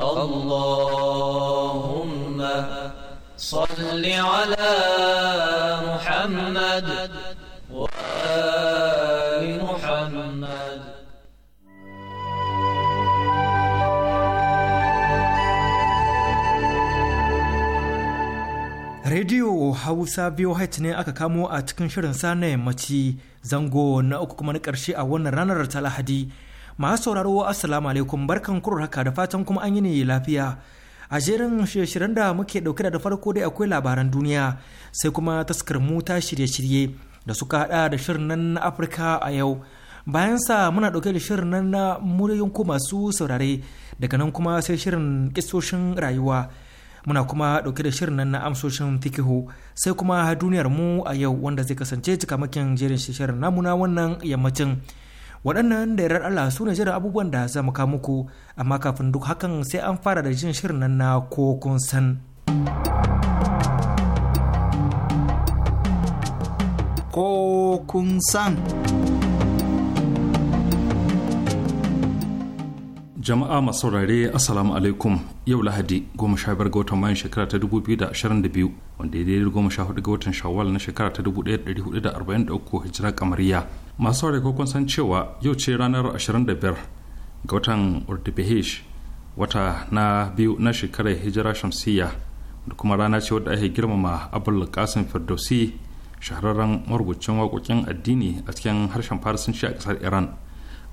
اللهم صل على محمد وآل محمد Rediyo Hausa biyu haiti ne aka kamo a cikin shirin sa na yammaci zango na uku kuma na ƙarshe a wannan ranar ta Lahadi. masu sauraro assalamu alaikum barkan kuro haka da fatan kuma an yi ne lafiya a jerin shirye da muke dauke da farko dai akwai labaran duniya sai kuma taskar mu ta shirye-shirye da suka hada da shirin nan na afirka a yau bayan sa muna dauke da shirin nan na muryoyin ku masu saurare daga nan kuma sai shirin kisoshin rayuwa muna kuma dauke da shirin nan na amsoshin fikihu sai kuma duniyar mu a yau wanda zai kasance cikamakin jerin shirin namuna wannan yammacin waɗannan da yarar Allah su ne jiran abubuwan da za mu muku amma kafin duk hakan sai an fara da jin shirin nan na ko kun san ko kun san jama'a masu saurare assalamu alaikum yau lahadi goma sha biyar ga watan mayan shekara ta dubu biyu da ashirin da biyu wanda ya daidai goma sha ga watan shawwal na shekara ta dubu ɗaya da hudu da arba'in da uku hijira kamariya masu saurare kokon san cewa yau ce ranar ashirin da biyar ga watan urdubihish wata na biyu na shekarar hijira shamsiyya da kuma rana ce wadda ake girmama abul kasim firdausi shahararren marubucin waƙoƙin addini a cikin harshen farisanci a ƙasar iran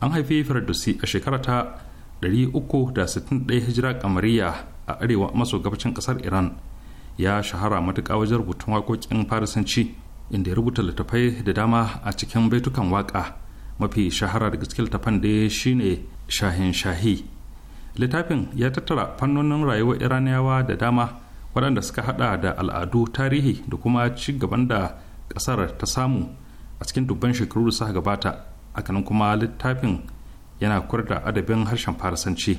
an haifi firdausi a shekara ta 361 hijira kamariya a arewa maso gabacin kasar iran ya shahara matuƙa wajen rubutun waƙoƙin farisanci inda ya rubuta littattafai da dama a cikin baitukan waƙa mafi shahara daga cikin littattafan da shine shahin shahi littafin ya tattara fannonin rayuwar iraniyawa da dama waɗanda suka hada da al'adu tarihi da kuma ci gaban da ƙasar ta samu a cikin dubban shekaru da suka gabata hakanan kuma littafin yana kurda adabin harshen farisanci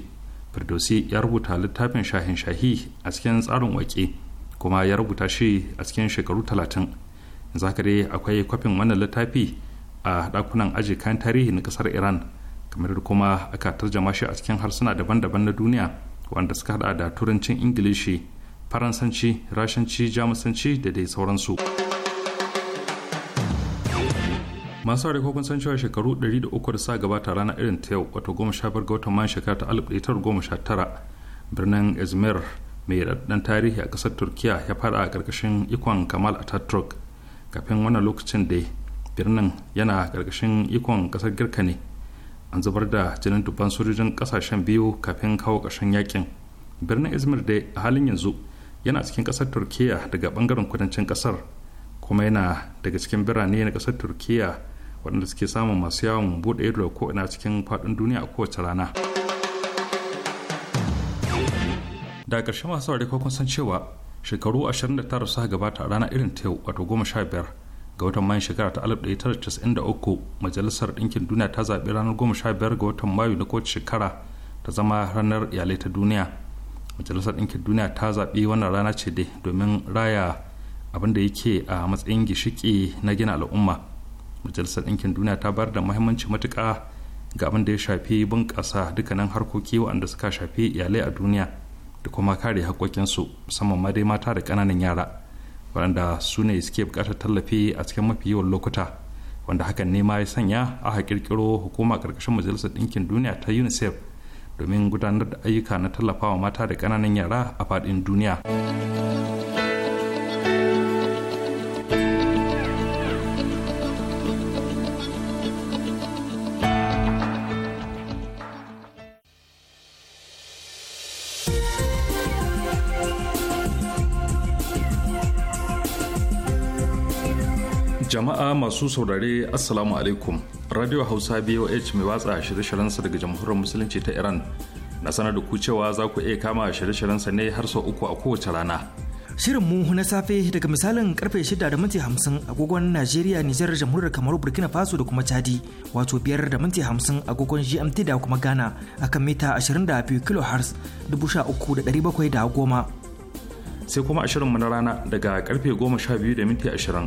firdausi ya rubuta littafin shahin shahi a cikin tsarin wake kuma ya rubuta shi a cikin shekaru talatin zakare akwai kwafin wannan littafi a ɗakunan aji kayan tarihi na ƙasar iran kamar da kuma aka tarjama shi a cikin harsuna daban-daban na duniya wanda suka hada da turancin ingilishi faransanci rashanci jamusanci da dai sauransu. masu ko kun san cewa shekaru 300 da sa gabata rana irin ta yau wato goma 15 ga watan man shekara ta tara birnin izmir mai daɗaɗɗen tarihi a ƙasar turkiya ya fara a ƙarƙashin ikon kamal ataturk kafin wannan lokacin da birnin yana ƙarƙashin ikon ƙasar girka ne an zubar da jinin dubban sojojin ƙasashen biyu kafin kawo ƙarshen yakin birnin izmir da a halin yanzu yana cikin ƙasar turkiya daga ɓangaren kudancin ƙasar kuma yana daga cikin birane na ƙasar turkiya waɗanda suke samun masu yawon buɗe ido ko ina cikin faɗin duniya a kowace rana da ƙarshe masu saurari ko kun san cewa shekaru 29 suka gabata a rana irin ta yau wato 15 ga watan mayan shekara ta 1993 majalisar ɗinkin duniya ta zaɓi ranar 15 ga watan mayu na kowace shekara ta zama ranar iyalai ta duniya majalisar ɗinkin duniya ta zaɓi wannan rana ce dai domin raya abin da yake a matsayin gishiki na gina al'umma majalisar ɗinkin duniya ta bayar da muhimmanci matuƙa ga abin da ya shafi bunƙasa dukkanin harkoki waɗanda suka shafi iyalai a duniya da kuma kare haƙoƙinsu musamman ma dai mata da ƙananan yara waɗanda su ne suke buƙatar tallafi a cikin mafi yawan lokuta wanda hakan ne ma ya sanya aka ƙirƙiro hukuma ƙarƙashin majalisar ɗinkin duniya ta unicef domin gudanar da ayyuka na tallafawa mata da ƙananan yara a faɗin duniya. jama'a masu saurare assalamu alaikum radio hausa boh mai watsa shirye shiryen sa daga jamhuriyar musulunci ta iran na sanar da ku cewa za ku iya kama shirye shiryen sa ne har sau uku a kowace rana shirin mu na safe daga misalin karfe shida da minti 50 agogon najeriya nijar jamhuriyar kamaru burkina faso da kuma chadi wato biyar da minti 50 agogon gmt da kuma ghana akan mita 22 kilohertz 13710 sai kuma a shirinmu na rana daga karfe goma sha 12 da minti ashirin.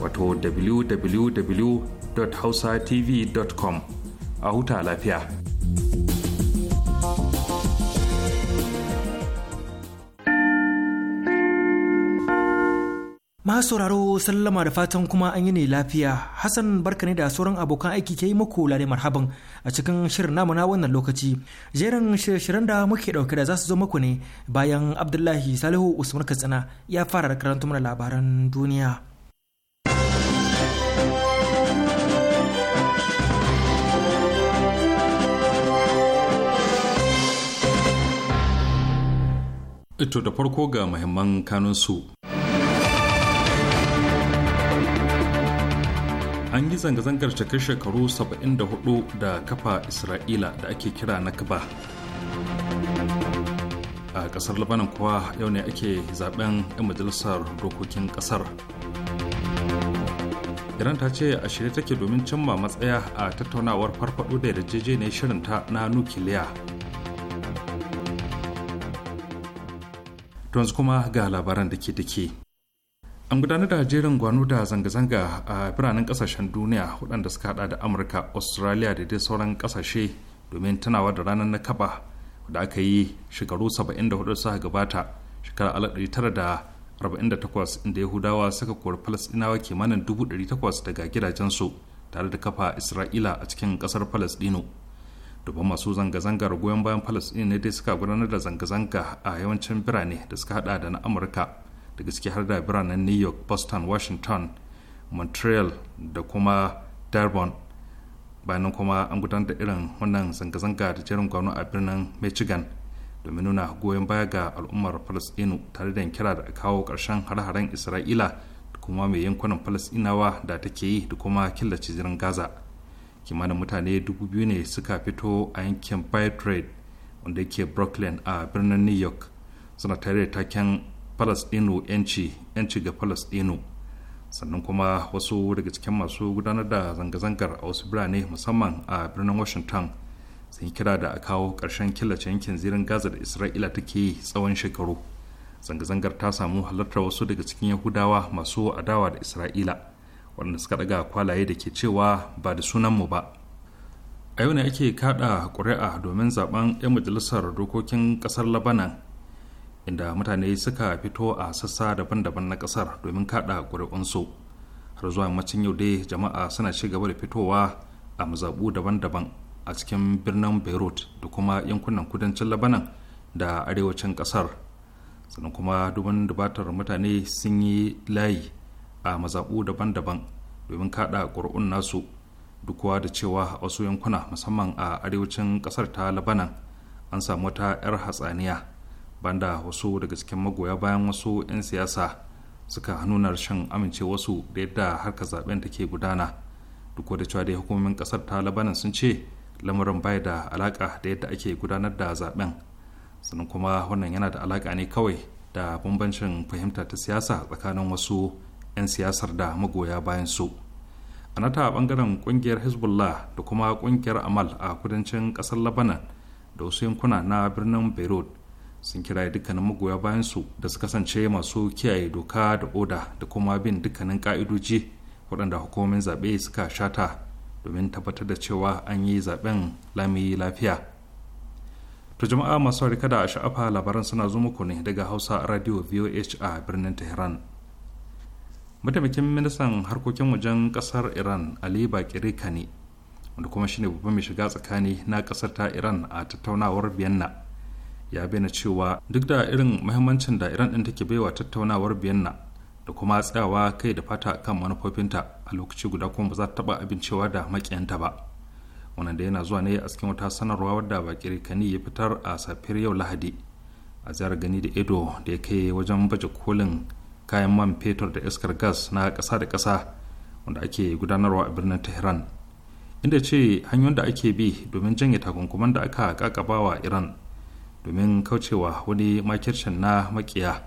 wato www.hausatv.com a huta lafiya. Masu sauraro sallama da fatan kuma an yi ne lafiya Hassan barka ne da sauran abokan aiki ke yi muku lare marhaban a cikin shirin namu na wannan lokaci jerin shirin da muke dauke da za su zo muku ne bayan Abdullahi Salihu Usman Katsina ya fara karanta mana labaran duniya. Ito da farko ga muhimman kanunsu. An yi zanga-zangar cika shekaru 74 da kafa Isra'ila da ake kira Nakba. A ƙasar Labanan kuwa yau ne ake zaben 'yan majalisar dokokin ƙasar. Iran ta ce a shirye take domin cimma matsaya a tattaunawar farfaɗo da yarjejeniyar shirinta na nukiliya. To yanzu kuma ga labaran da ke da An gudanar da jerin gwano da zanga-zanga a biranen kasashen duniya waɗanda suka hada da Amurka, Australia da dai sauran kasashe domin tunawa da ranar na kaba da aka yi shekaru 74 suka gabata shekarar 1948 inda Yahudawa suka kori Falasɗinawa kimanin 800 daga gidajensu tare da kafa Isra'ila a cikin kasar Falasɗinu. dubban masu zanga-zangar goyon bayan palestine ne dai suka gudanar da zanga-zanga a yawancin birane da suka hada da na amurka da gaske har da biranen new york boston washington montreal da kuma durban bayanan kuma an gudanar da irin wannan zanga-zanga da jerin gwano a birnin michigan domin nuna goyon baya ga al'ummar palestine tare da kira da kawo karshen har-haren isra'ila da kuma mai yankunan palestinawa da take yi da kuma killace jirin gaza kimanin mutane dubu biyu ne suka fito a yankin trade wanda yake brooklyn a birnin new york suna tare da taken palestino yanci yanci ga palestino sannan kuma wasu daga cikin masu gudanar da zanga-zangar a wasu birane musamman a birnin washington sun kira da a kawo ƙarshen killace yankin zirin gaza da isra'ila take yi tsawon shekaru zanga-zangar ta samu halartar wasu daga cikin yahudawa masu adawa da isra'ila waɗanda suka ɗaga kwalaye da ke cewa ba da sunan mu ba a yau ne ake kaɗa ƙuri'a domin zaben 'yan majalisar dokokin ƙasar labanan inda mutane suka fito a sassa daban-daban na ƙasar domin kaɗa ƙuri'unsu har zuwa yammacin yau dai jama'a suna ci gaba da fitowa a mazaɓu daban-daban a cikin birnin beirut da kuma yankunan kudancin labanan da arewacin ƙasar sannan kuma dubin dubatar mutane sun yi layi a mazaɓu daban-daban domin kaɗa ƙuri'un nasu duk da cewa a wasu yankuna musamman a arewacin ƙasar ta labanan an samu wata 'yar hatsaniya banda wasu daga cikin magoya bayan wasu 'yan siyasa suka nuna rashin amincewarsu da yadda harkar zaben take gudana duk da cewa dai hukumomin ƙasar ta labanan sun ce lamarin bai da alaƙa da yadda ake gudanar da zaben sannan kuma wannan yana da alaƙa ne kawai da bambancin fahimta ta siyasa tsakanin wasu 'yan siyasar da magoya bayan su a nata bangaren kungiyar hezbollah da kuma kungiyar amal a kudancin kasar labanan da wasu yankuna na birnin beirut sun kira dukkanin magoya bayan su da su kasance masu kiyaye doka da oda da kuma bin dukkanin ka'idoji waɗanda hukumomin zaɓe suka shata domin tabbatar da cewa an yi zaɓen lami lafiya To jama'a masu harika da sha'afa labaran suna zo muku ne daga Hausa Radio VOH a birnin Tehran. mataimakin ministan harkokin wajen kasar iran ali bakiri kani wanda kuma shine babban mai shiga tsakani na kasar ta iran a tattaunawar biyanna ya bayyana cewa duk da irin mahimmancin da iran din take baiwa tattaunawar biyanna da kuma tsayawa kai da fata kan manufofinta a lokaci guda kuma ba za ta taba abincewa da makiyanta ba wannan da yana zuwa ne a cikin wata sanarwa wadda bakir kani ya fitar a safiyar yau lahadi a ziyarar gani da ido da ya kai wajen baje kolin kayan man fetur da iskar gas na ƙasa da ƙasa wanda ake gudanarwa a birnin tehran inda ce hanyoyin da ake bi domin janye takunkuman da aka kakabawa iran domin kaucewa wani makircin na makiya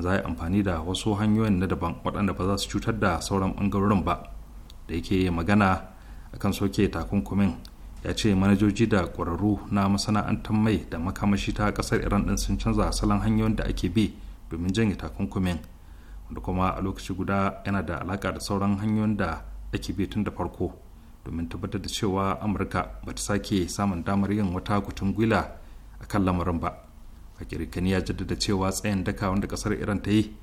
za a yi amfani da wasu hanyoyin na daban waɗanda ba za su cutar da sauran ɓangarorin ba da yake magana akan soke takunkumin ya ce manajoji da ƙwararru na masana'antar mai da makamashi ta ƙasar iran ɗin sun canza salon hanyoyin da ake bi domin janye takunkumin da kuma a lokaci guda yana da alaka da sauran hanyoyin da ake bi tun da farko domin tabbatar da cewa amurka ba ta sake samun damar yin wata kutun gwila a kan lamarin ba hakirikani ya jaddada cewa tsayin daka wanda kasar iran ta yi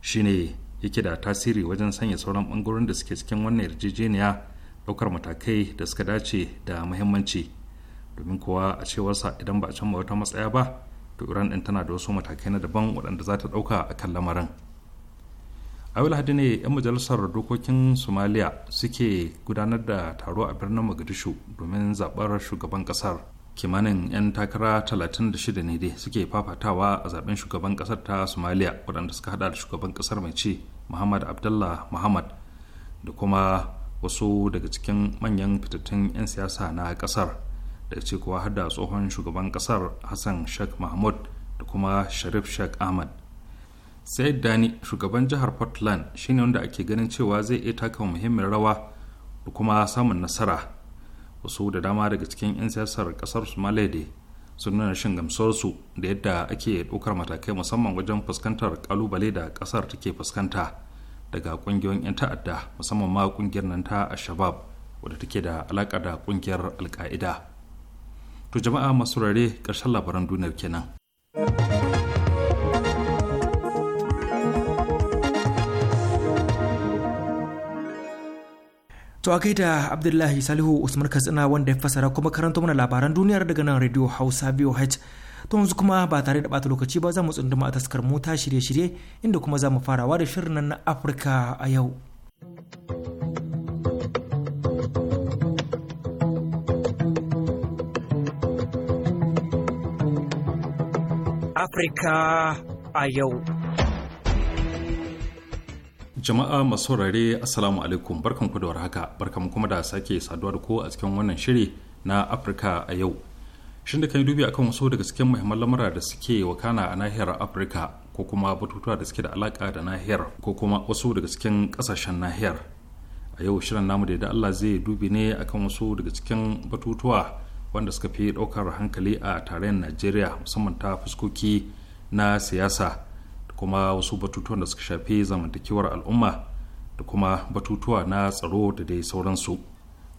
shine yake da tasiri wajen sanya sauran bangarorin da suke cikin wannan yarjejeniya ɗaukar matakai da suka dace da muhimmanci domin kowa a cewarsa idan ba a canza wata matsaya ba to iran ɗin tana da wasu matakai na daban waɗanda za ta ɗauka a kan lamarin a yau lahadi ne 'yan majalisar dokokin somaliya suke gudanar da taro a birnin mogadishu domin zaɓar shugaban ƙasar kimanin 'yan takara 36 ne dai suke fafatawa a zaɓen shugaban ƙasar ta somaliya waɗanda suka hada da shugaban ƙasar mai ce muhammad abdullah muhammad da kuma wasu daga cikin manyan fitattun 'yan siyasa na ƙasar da ce kuwa har da tsohon shugaban ƙasar hassan sheikh mahmud da kuma sharif sheikh ahmad sa'id dani shugaban jihar portland shine wanda ake ganin cewa zai iya taka muhimmin rawa da kuma samun nasara wasu da dama daga cikin 'yan siyasar kasar somalia da sun nuna shin gamsuwarsu da yadda ake ɗaukar matakai musamman wajen fuskantar kalubale da kasar take fuskanta daga ƙungiyoyin 'yan ta'adda musamman ma kungiyar nan ta ashabab wadda take da alaka da kungiyar alka'ida to jama'a masu rare ƙarshen labaran duniyar kenan. To a gaida Abdullahi Salihu Usman Katsina wanda ya fasara kuma karanta mana labaran duniya daga nan Radio Hausa VOH. To yanzu kuma ba tare da bata lokaci ba za mu tsunduma a taskar mota shirye-shirye inda kuma za mu farawa da shirin nan na Afirka a yau. Afirka a yau. Jama'a masu saurare Assalamu alaikum barkan ku da warhaka mu kuma da sake saduwa da ku a cikin wannan shiri na Afirka a yau. Shin da kan yi dubi akan wasu daga cikin muhimman lamura da suke wakana a nahiyar Afirka ko kuma batutuwa da suke da alaka da nahiyar ko kuma wasu daga cikin kasashen nahiyar. A yau shirin namu da Allah zai dubi ne akan wasu daga cikin batutuwa wanda suka fi ɗaukar hankali a tarayyar Najeriya musamman ta fuskoki na siyasa kuma wasu batutuwan da suka shafi zamantakewar al'umma da kuma batutuwa na tsaro da dai sauransu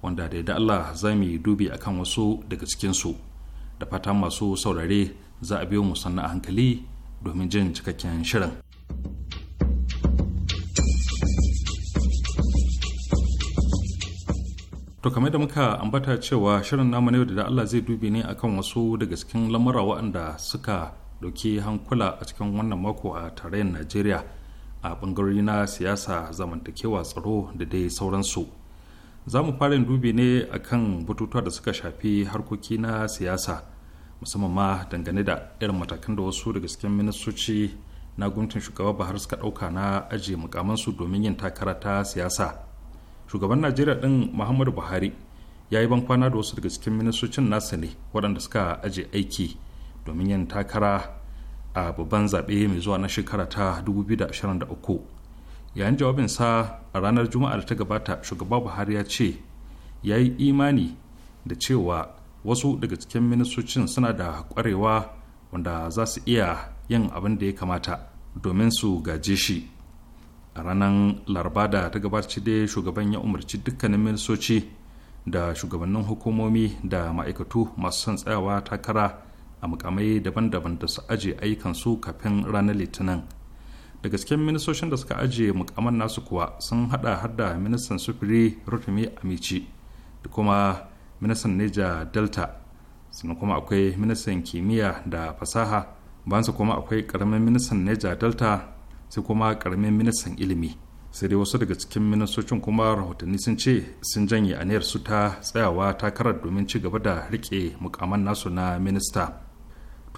wanda da yadda Allah za mu yi dubi akan wasu daga cikinsu da fatan masu saurare za a biyo mu sannan a hankali domin jin cikakken shirin. To kamar da muka ambata cewa shirin namu na yau da Allah zai dubi ne akan wasu daga cikin lamura waɗanda suka ɗauki hankula a cikin wannan mako a tarayyar najeriya a bangarori na siyasa zamantakewa tsaro da dai sauransu za mu fara dubi ne a kan batutuwa da suka shafi harkoki na siyasa musamman ma dangane da irin matakan da wasu daga cikin ministoci na gwamnatin shugaba bahar suka ɗauka na ajiye mukamansu domin yin takara ta siyasa shugaban najeriya din muhammadu buhari ya yi bankwana da wasu daga cikin ministocin nasa ne waɗanda suka aje aiki domin yin takara a babban zaɓe mai zuwa na shekara ta 2023 yayin jawabinsa a ranar juma'a da ta gabata shugaba buhari ya ce ya yi imani da cewa wasu daga cikin ministocin suna da ƙwarewa wanda za su iya yin abin da ya kamata domin su gaje shi a ranar laraba da ta gabaci dai shugaban ya umarci dukkanin ministoci da shugabannin hukumomi da ma'aikatu masu son tsayawa takara a mukamai daban-daban da su aje su kafin ranar litinin daga cikin ministocin da suka aje mukaman nasu kuwa sun hada hada ministan sufuri rotimi amici da kuma ministan neja delta sannan kuma akwai ministan kimiyya da fasaha bayansa kuma akwai karamin ministan neja delta sai kuma karamin ministan ilimi sai dai wasu daga cikin ministocin kuma rahotanni sun ce sun janye aniyar su ta tsayawa takarar domin ci gaba da riƙe mukaman nasu na minista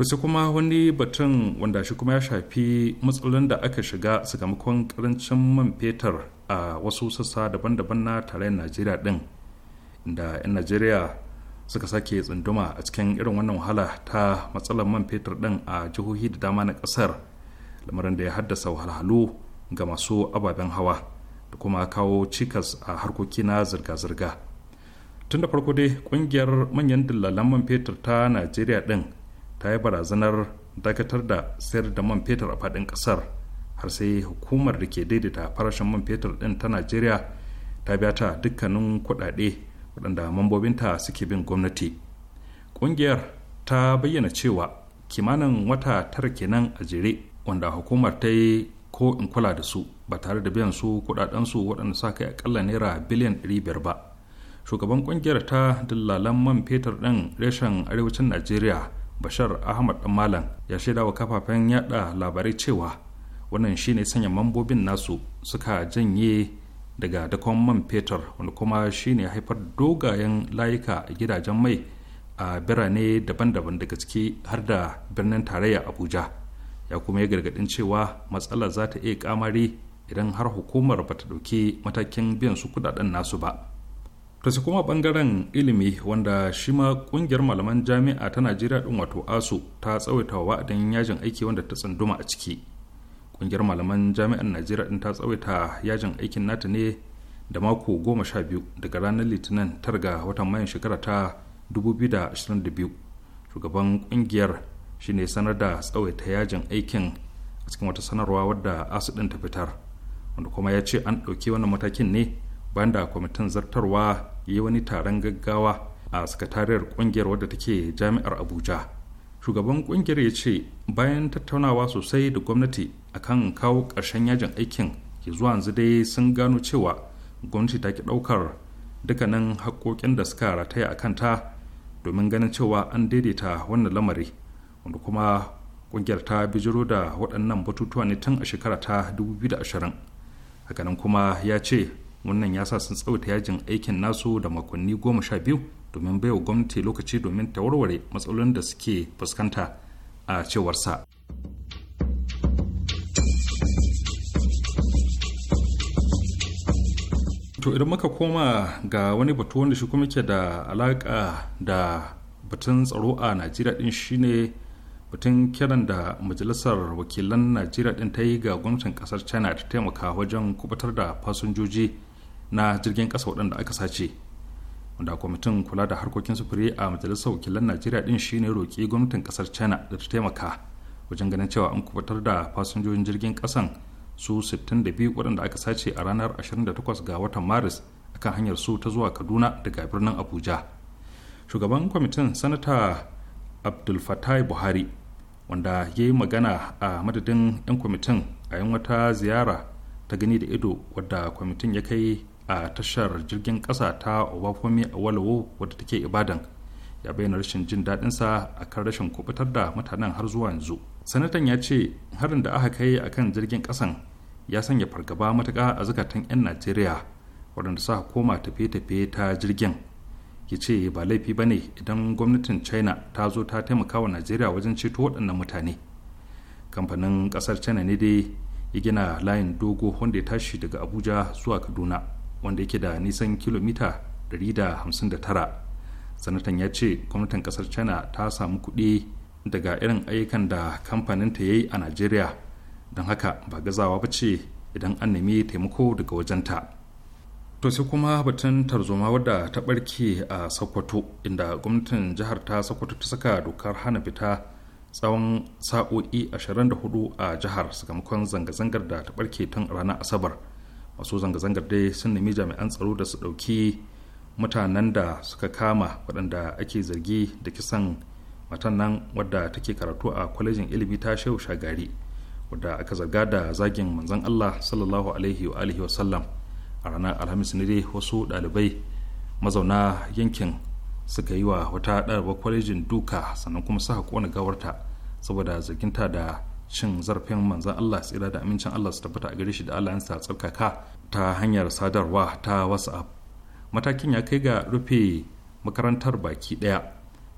to kuma wani batun wanda shi kuma ya shafi matsalolin da aka shiga sakamakon karancin man fetur a wasu sassa daban-daban na tarayyar najeriya din inda 'yan najeriya suka sake tsunduma a cikin irin wannan wahala ta matsalar man fetur din a jihohi da dama na kasar lamarin da ya haddasa wahalhalu ga masu ababen hawa da kuma kawo cikas a harkoki na zirga-zirga tun da farko dai kungiyar manyan dillalan man fetur ta najeriya din ta yi barazanar dakatar da sayar da man fetur a faɗin ƙasar har sai hukumar da ke daidaita farashin man fetur ɗin ta najeriya ta biya ta dukkanin kuɗaɗe waɗanda mambobinta suke bin gwamnati ƙungiyar ta bayyana cewa kimanin wata tara kenan a jere wanda hukumar ta yi ko in kula da su ba tare da biyan su kuɗaɗensu waɗanda sa kai akalla naira biliyan biyar ba shugaban ƙungiyar ta dillalan man fetur ɗin reshen arewacin najeriya bashar ahmad malam ya shaida wa kafafen yada labarai cewa wannan shine sanya mambobin nasu suka janye daga dakon man fetur wanda kuma shine haifar dogayen layuka a gidajen mai a birane daban-daban daga ciki har da birnin tarayya abuja ya kuma ya gargadin cewa matsalar za ta iya kamari idan har hukumar bata dauki matakin biyan su kudaden nasu ba to sai kuma bangaren ilimi wanda shi ma kungiyar malaman jami'a ta najeriya din wato asu ta tsawaita wa'adin yajin aiki wanda ta tsanduma a ciki kungiyar malaman jami'an najeriya din ta tsawaita yajin aikin nata ne da mako goma sha biyu daga ranar litinin tar ga watan mayan shekara ta 2022 shugaban kungiyar ne sanar da tsawaita yajin aikin a cikin wata sanarwa wadda asu din ta fitar wanda kuma ya ce an ɗauki wannan matakin ne bayan da kwamitin zartarwa ya yi wani taron gaggawa a sakatariyar kungiyar wadda take jami'ar abuja shugaban kungiyar ya ce bayan tattaunawa sosai da gwamnati akan kawo ƙarshen yajin aikin ke zuwa yanzu dai sun gano cewa gwamnati ta ki ɗaukar dukkanin haƙoƙin da suka rataya a kanta domin ganin cewa an daidaita wannan lamari wanda kuma kungiyar ta bijiro da waɗannan batutuwa ne tun a shekara ta 2020 hakanan kuma ya ce wannan ya sa sun tsawata yajin aikin nasu da makonni goma sha biyu domin baiwa gwamnati lokaci domin ta warware matsalolin da suke fuskanta a cewarsa to idan muka koma ga wani batu wanda shi kuma ke da alaƙa da batun tsaro a najeriya din shine batun kiran da majalisar wakilan najeriya din ta yi ga gwamnatin kasar china ta taimaka wajen kubutar da fasinjoji na jirgin ƙasa waɗanda aka sace wanda kwamitin kula da harkokin sufuri a majalisar wakilan najeriya din shine roƙi gwamnatin ƙasar china da ta taimaka wajen ganin cewa an kubatar da fasinjojin jirgin kasan su 62 waɗanda aka sace a ranar 28 ga watan maris akan hanyar su ta zuwa kaduna daga birnin abuja shugaban kwamitin sanata abdul fatai buhari wanda ya yi magana a madadin 'yan kwamitin a yin wata ziyara ta gani da ido wadda kwamitin ya kai a tashar jirgin ƙasa ta obafomi a walawo wadda take ibadan ya bayyana rashin jin daɗinsa a kan rashin kubutar da mutanen har zuwa yanzu sanatan ya ce harin da aka kai a kan jirgin ƙasan ya sanya fargaba matuƙa a zukatan 'yan najeriya waɗanda suka koma tafiye-tafiye ta jirgin ya ce ba laifi ba ne idan gwamnatin china ta zo ta taimaka wa najeriya wajen ceto waɗannan mutane kamfanin ƙasar china ne dai ya gina layin dogo wanda ya tashi daga abuja zuwa kaduna wanda yake da nisan kilomita 159 sanatan ya ce gwamnatin kasar china ta samu kuɗi daga irin ayyukan da kamfaninta ya yi a nigeria don haka ba gazawa ba ce idan an nemi taimako daga wajenta to sai kuma batun tarzoma wadda ta barke a sokoto inda gwamnatin jihar ta sokoto ta saka dokar hana fita tsawon sa'o'i 24 a jihar sakamakon zanga-zangar da ta barke tun ranar asabar masu zanga-zangar dai sun nemi jami'an tsaro da su ɗauki mutanen da suka kama waɗanda ake zargi da kisan matan nan wadda take karatu a kwalejin ilimi ta shehu shagari wadda aka zarga da zagin manzon allah sallallahu alaihi wa alihi wa sallam a ranar alhamis ne dai wasu ɗalibai mazauna yankin suka yi wa wata ɗalibar kwalejin duka sannan kuma suka kona gawarta saboda zarginta da cin zarafin manzan Allah tsira da amincin Allah su tabbata a gare shi da alayansa tsarkaka ta hanyar sadarwa ta WhatsApp. Matakin ya kai ga rufe makarantar baki ɗaya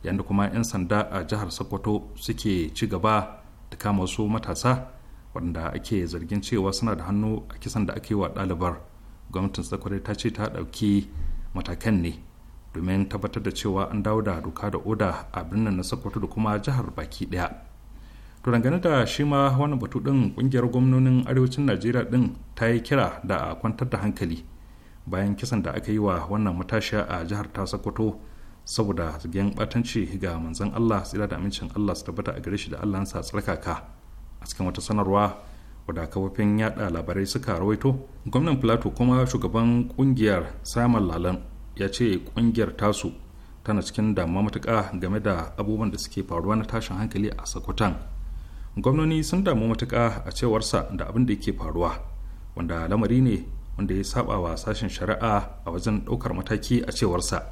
yadda kuma 'yan sanda a jihar Sokoto suke ci gaba da kama wasu matasa waɗanda ake zargin cewa suna da hannu a kisan da ake wa ɗalibar. Gwamnatin Sokoto ta ce ta ɗauki matakan ne domin tabbatar da cewa an dawo da doka da oda a birnin na Sokoto da kuma jihar baki ɗaya. to dangane da shi ma wannan batu din kungiyar gwamnonin arewacin najeriya din ta yi kira da a kwantar da hankali bayan kisan da aka yi wa wannan matashiya a jihar ta sokoto saboda zargin batanci ga manzon allah tsira da amincin allah su tabbata a gare shi da allah sa tsarkaka a cikin wata sanarwa wadda kafofin yada labarai suka rawaito gwamnan plato kuma shugaban kungiyar samun lalan ya ce kungiyar tasu tana cikin damuwa matuka game da abubuwan da suke faruwa na tashin hankali a sakotan gwamnoni sun damu matuka a cewarsa da abin da yake faruwa wanda lamari ne wanda ya saba wa sashen shari'a a wajen ɗaukar mataki a cewarsa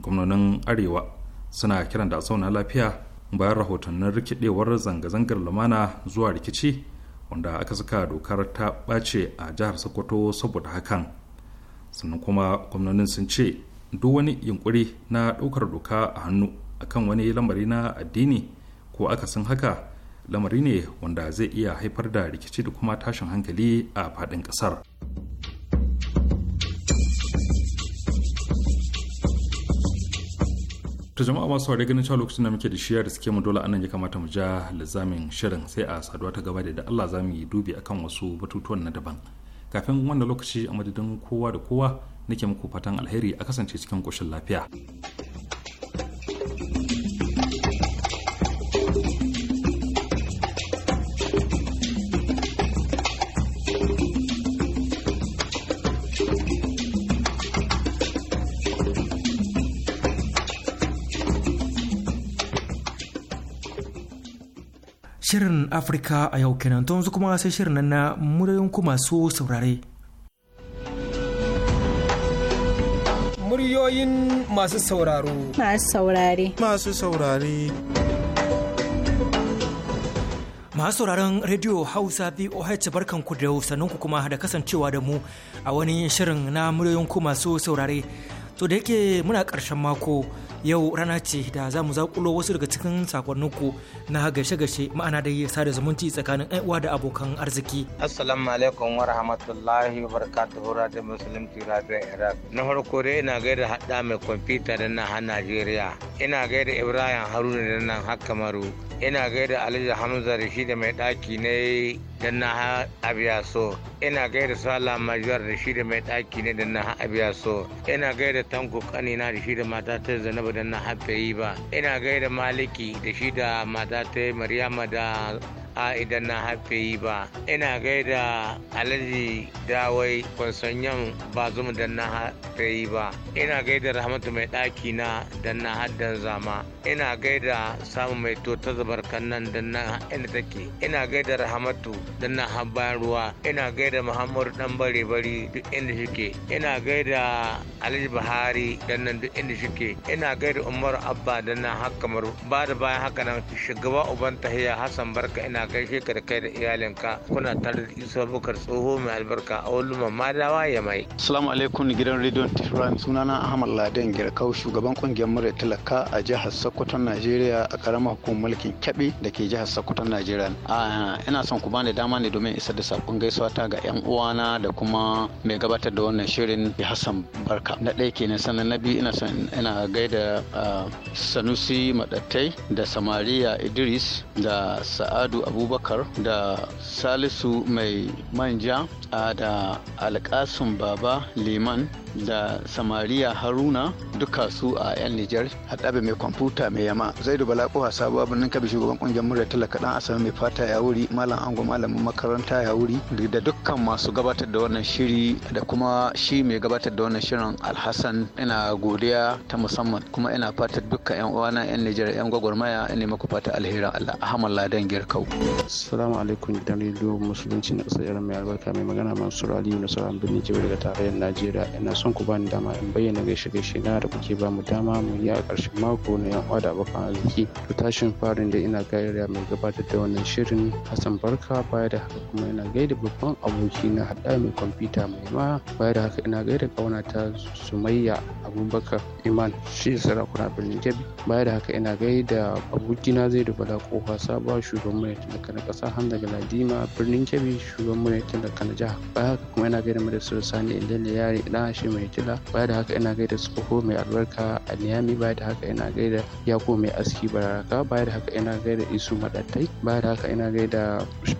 gwamnonin arewa suna kiran da zauna lafiya bayan rahotannin rikidewar zanga-zangar lumana zuwa rikici wanda aka saka dokar ta ɓace a jihar sokoto saboda hakan sannan kuma gwamnonin sun ce duk wani yunkuri na ɗaukar doka a hannu akan wani lamari na addini ko akasin haka lamari ne wanda zai iya haifar da rikici da kuma tashin hankali a faɗin ƙasar. ta jama'a masu ware ganin cewa lokacin da muke da shiyar da suke mu dole anan ya kamata mu ja lizamin shirin sai a saduwa ta gaba da Allah za mu yi dubi akan wasu batutuwan na daban kafin wannan lokaci a madadin kowa da kowa nake muku fatan alheri a kasance cikin koshin lafiya. Shirin Afirka a yau kenan to yanzu kuma sai shirin nan na muryoyin ku masu saurare. Muryoyin masu sauraro. Masu saurare. Masu saurare. Masu sauraron Radio Hausa VOH barkanku da sannunku kuma da kasancewa da mu a wani shirin na muryoyin ku masu saurare. To da yake muna ƙarshen mako yau rana ce da za mu zakulo wasu daga cikin sakonninku na gashe-gashe ma'ana da sada zumunci tsakanin uwa da abokan arziki. Assalamu alaikum wa rahmatullahi wa barakatuhu radio muslim radio Iraq. Na farko dai ina gaida hada mai kwamfuta da nan har Najeriya. Ina gaida Ibrahim Haruna da nan har Kamaru. Ina gaida Alhaji Hamza da shi da mai daki ne da na har Abiyaso. Ina gaida Sala Majuwar da shi da mai daki ne da na har Abiyaso. Ina gaida Tanko Kanina da shi da mata ta Zainab annabi da na haffe yi ba ina gaida maliki da shi da mata ta maryama da a idan na haife yi ba ina gaida alhaji dawai kwansonyan ba zuma don na haife yi ba ina gaida rahmatu mai ɗaki na don na haddan zama ina gaida samu mai to ta zubar kannan don na inda take ina gaida rahmatu don na habban ruwa ina gaida muhammadu dan bare bari duk inda shike ina gaida alhaji buhari don nan duk inda shike ina gaida umaru abba don na haka ba da bayan haka nan shugaba uban tahiya hassan barka ina ina gaishe ka da kai da iyalinka kuna tare da Isa Bukar tsoho mai albarka a wani mamadawa ya mai. Assalamu alaikum gidan rediyon Tifran sunana Ahmad Laden Girkau shugaban kungiyar murya talaka a jihar Sokoto Najeriya a karamar hukumar mulkin Kebbi da ke jihar Sokoto Najeriya. ina son ku bani dama ne domin isar da sakon gaisuwa ta ga yan uwana da kuma mai gabatar da wannan shirin Hassan Barka. Na ɗaya kenan sannan na biyu ina ina gaida Sanusi Madattai da Samariya Idris da Sa'adu Abu abubakar da salisu mai manja da alkasun baba liman da samariya haruna duka su a yan nijar haɗabe mai kwamfuta mai yama zai bala kowa sabuwa birnin kabi shugaban kungiyar murya talaka dan asami mai fata ya wuri malam ango malamin makaranta ya wuri da dukkan masu gabatar da wannan shiri da kuma shi mai gabatar da wannan shirin alhassan ina godiya ta musamman kuma ina fata duka yan uwana yan nijar yan gwagwarmaya ina maku fata alherin allah ahmad ladan girkau Salamu alaikum gidan rediyo musulunci na ƙasar mai albarka mai magana mansur aliyu na sauran birnin jibi daga tarayyar najeriya ina so son ku bani dama in bayyana gaishe gaishe na da kuke ba mu dama mu yi a ƙarshen mako na yan uwa da abokan arziki to tashin farin da ina gaira mai gabatar da wannan shirin hassan barka baya da haka kuma ina gaida babban aboki na haɗa mai kwamfuta mai ma baya da haka ina gaida ƙaunata sumayya abubakar iman shi sarakuna birnin kebbi baya da haka ina gaida abokina zai da bala kofa sabuwa shugaban mai talaka na ƙasa hamza galadima birnin kebbi shugaban mai talaka na jiha baya haka kuma ina gaida madasar sani idan da yare ɗan hashim mai dila baya da haka ina gaida tsoho mai albarka a niyami baya da haka ina gaida yako mai aski bararaka baya da haka ina gaida isu madattai baya da haka ina gaida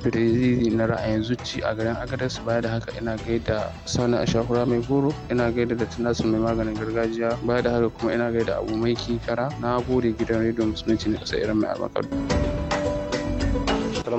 firizi na ra'ayin zuci a garin agadas baya da haka ina gaida sauna a mai goro ina gaida da tunasu mai maganin gargajiya baya da haka kuma ina gaida abu mai kara na gode gidan rediyo musulunci na ƙasa irin mai albarkar.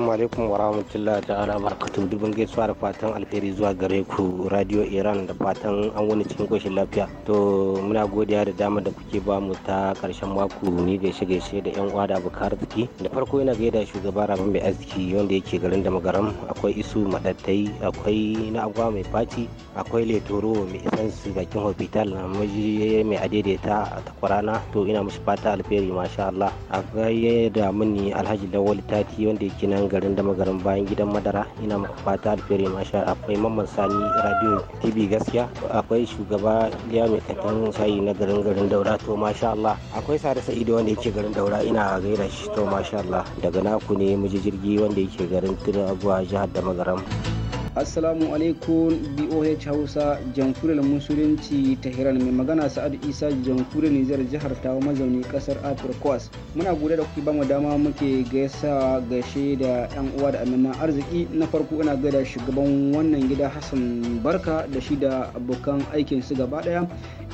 assalamu alaikum wa rahmatullahi ta'ala barakatuh dubin gaisuwa da fatan alheri zuwa gare ku radio iran da fatan an wani cikin koshin lafiya to muna godiya da dama da kuke ba mu ta karshen mako ni gaishe gaishe da yan uwa da abokan arziki da farko yana gaida shugaba rabin mai arziki wanda yake garin da magaram akwai isu madattai akwai na agwa mai faci akwai letoro mai su bakin hospital na maji mai adaidaita a takwarana to ina musu fata alheri masha Allah a gaida mini alhaji lawal tati wanda yake nan garin dama garin bayan gidan madara ina muku fata alfahari masha akwai mamman sani radio tv gaskiya akwai shugaba liya mai katon sayi na garin garin daura to masha Allah akwai sare sa'idu wanda yake garin daura ina gaira shi to masha Allah daga naku ne muji jirgi wanda yake garin abuwa jihar dama garin. assalamu alaikum boh hausa jamhuriyar musulunci ta hiran mai magana sa'adu isa jamhuriyar nijar jihar ta mazauni kasar afirkos muna gode da kuke bamu dama muke gaisa gaishe da yan uwa da annama arziki na farko ina gaida shugaban wannan gida hassan barka da shi da abokan aikin su gaba daya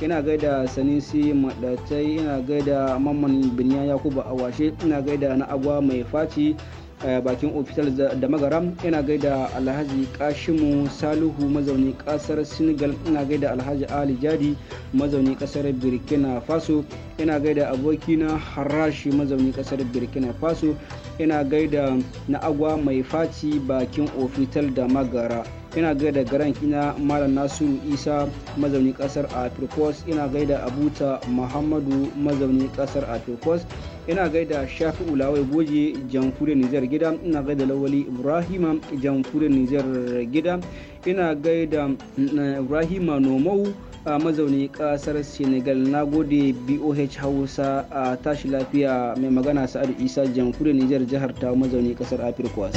ina gaida sanisi madatai ina gaida mamman biniya yakubu awashe ina gaida na agwa mai faci bakin ofital da magara ina gaida alhaji kashimu saluhu mazauni kasar senegal ina gaida alhaji ali jadi mazauni kasar burkina faso ina gaida abokina harashi mazauni kasar burkina faso ina gaida na agwa mai faci bakin ofital da magara ina gaida garan kina malam nasiru isa mazauni kasar afirkos ina gaida abuta muhammadu mazauni kasar afirkos ina gaida shafi ulawai goje jamhuriyar nijar gida ina gaida lawali ibrahima jamhuriyar nijar gida ina gaida eh, ibrahima nomau a mazauni kasar senegal na gode boh hausa a tashi lafiya mai magana sa'ad isa jamhuriyar nijar jihar ta mazauni kasar afirka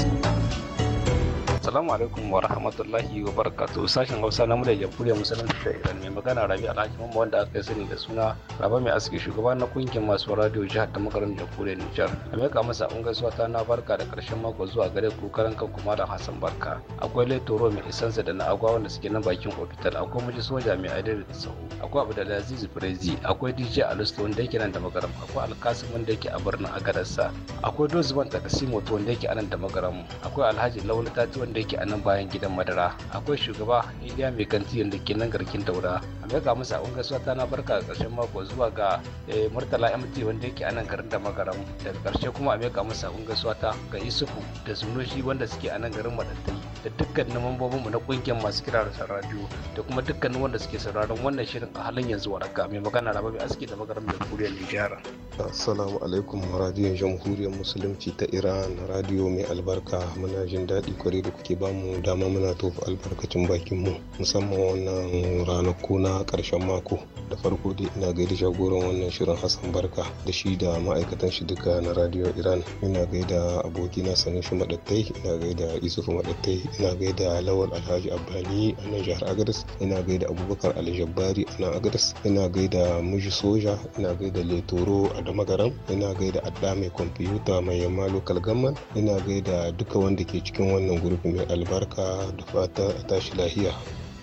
Assalamu alaikum wa rahmatullahi wa barakatuh. Sashen Hausa na muryar Jamhuriyar Musulunci ta Iran mai magana Rabi Alhaji Mamba, wanda aka sani da suna Raba mai aski shugaba na kungiyar masu radio jihar da makarar Jamhuriyar Nijar. A meka masa an gaisuwa ta na barka da karshen mako zuwa gare ku karan kan kuma da Hassan Barka. Akwai Letoro mai isansa da na agwa wanda suke nan bakin ofital. Akwai Muji Soja mai adar da sahu. Akwai Abdulaziz Brezi. Akwai DJ Alusto wanda yake nan da makarar Akwai Alkasim wanda yake a birnin Akwai Dozman Takasimoto wanda yake anan da makarar Akwai Alhaji Laula Tati wanda zaɓe ki a nan bayan gidan madara akwai shugaba iliya mai kanti yadda ke nan garkin daura a ga musa a gaisuwa ta na barka a ƙarshen mako zuwa ga eh, murtala mt wanda yake a nan garin da magaram daga ƙarshe kuma a ga musa unga gaisuwa ta ga isufu da sunushi wanda suke a nan garin madattai da dukkanin mambobin mu na ƙungiyar masu kira da radio da kuma dukkanin wanda suke sauraron wannan shirin a halin yanzu waraka mai magana da babu aski da magaram da kuriyar nijar assalamu alaikum radiyon jamhuriyar musulunci ta iran radiyo mai albarka muna jin daɗi kwarai da kuke ke ba mu dama muna tofa albarkacin bakin mu musamman wannan ranaku na karshen mako da farko dai ina gaida shagoran wannan shirin hassan barka da shi da ma'aikatan shi duka na radio iran ina gaida abokina shi madattai ina gaida isufu madattai ina gaida lawal alhaji abbani a nan jihar agadas ina gaida abubakar aljabbari a nan agadas ina gaida muji soja ina gaida letoro a damagaram ina gaida adda mai kwamfuta mai yamma lokal gamman ina gaida duka wanda ke cikin wannan gurbin mai albarka da fata tashi lahiya.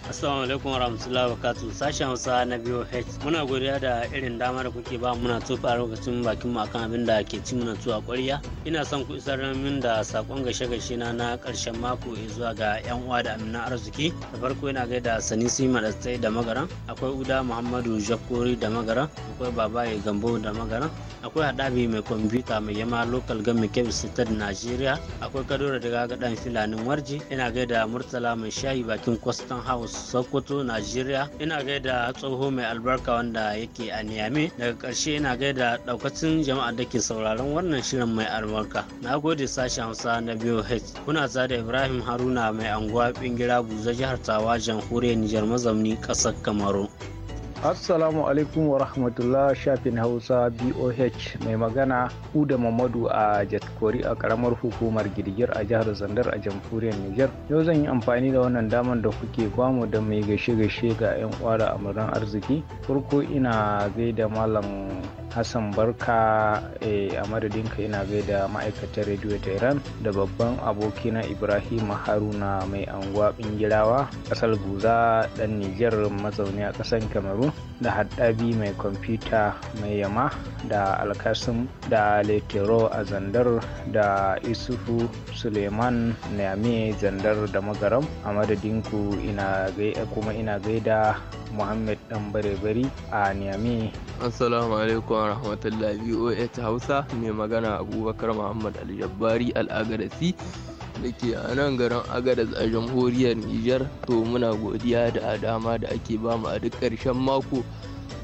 Assalamu alaikum wa rahmatullahi wa katu sashen Hausa na biyo Muna godiya da irin dama da kuke ba muna tofa a lokacin bakin mu akan abin da ke ci muna a ƙwarya. Ina son ku isar min da sakon gashe gashe na na karshen mako ya zuwa ga yan uwa da amina arziki. Da farko ina gaida Sanisi Madatsai da Magaran, akwai Uda Muhammadu Jakori da Magaran, akwai Babaye Gambo da Magaran, akwai Hadabi mai kwamfuta mai yama local game Kebbi State Najeriya. akwai Kadura daga gadan Filanin Warji, ina gaida Murtala mai shayi bakin Kwastan House sokoto najeriya ina gaida tsoho mai albarka wanda yake a niyame daga ƙarshe ina gaida ɗaukacin jama'a da ke sauraron wannan shirin mai albarka na gode sashen hausa na biyu kuna da ibrahim haruna mai anguwa bingira buza jihar tawa jamhuriyar nijar mazamni ƙasar kamaru Assalamu alaikum wa rahmatullah shafin Hausa BOH mai magana Uda Mamadu a Jatkori a karamar hukumar Girgir a jihar Zandar a jamhuriyar niger. Yau zan yi amfani da wannan damar da kuke bamu da mai gaishe-gaishe ga 'yan uwa da murnar arziki. Farko ina gaida Malam Hassan Barka eh, a madadinka ina gaida ma'aikatar rediyo ta Iran da babban abokina Ibrahim Haruna mai anguwa Bingirawa, ƙasar Buza ɗan niger mazauni a ƙasar Kamaru. da haddabi mai kwamfuta mai yama da alkasim da letero a zandar da isufu suleiman name zandar da magaram a madadinku ina kuma ina gaida muhammed dan bare-bari a niami assalamu alaikum rahmatullahi voa ta hausa mai magana abubakar muhammad aljabari al'agarasi da ke a nan garin agadas a jamhuriyar nijar to muna godiya da dama da ake bamu a duk ƙarshen mako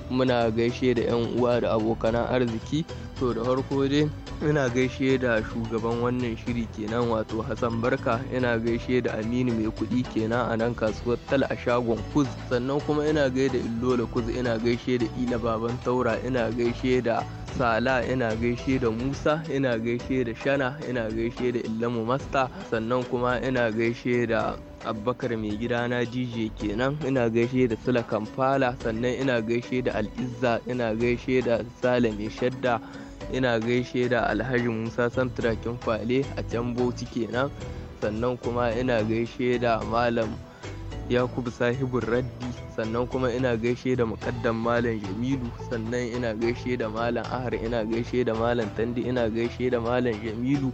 muna gaishe da 'yan uwa da abokan arziki to da farko dai ina gaishe da shugaban wannan shiri kenan wato hassan barka ina gaishe da aminu mai kuɗi kenan a nan kasuwar tal a shagon kuz sannan kuma ina gaida illola kuz ina gaishe da ila baban taura ina gaishe da sala ina gaishe da musa ina gaishe da shana ina gaishe da illamu masta sannan kuma ina gaishe da abbakar mai gidana na kenan ina gaishe da sula kamfala sannan ina gaishe da al'izza ina gaishe da sale mai shadda ina gaishe da alhaji musa santrakin fale a can bauchi kenan sannan kuma ina gaishe da malam yakubu sahibin raddi sannan kuma ina gaishe da mukaddam malam jamilu sannan ina gaishe da malam ahar ina gaishe da malam tandi ina gaishe da malam jamilu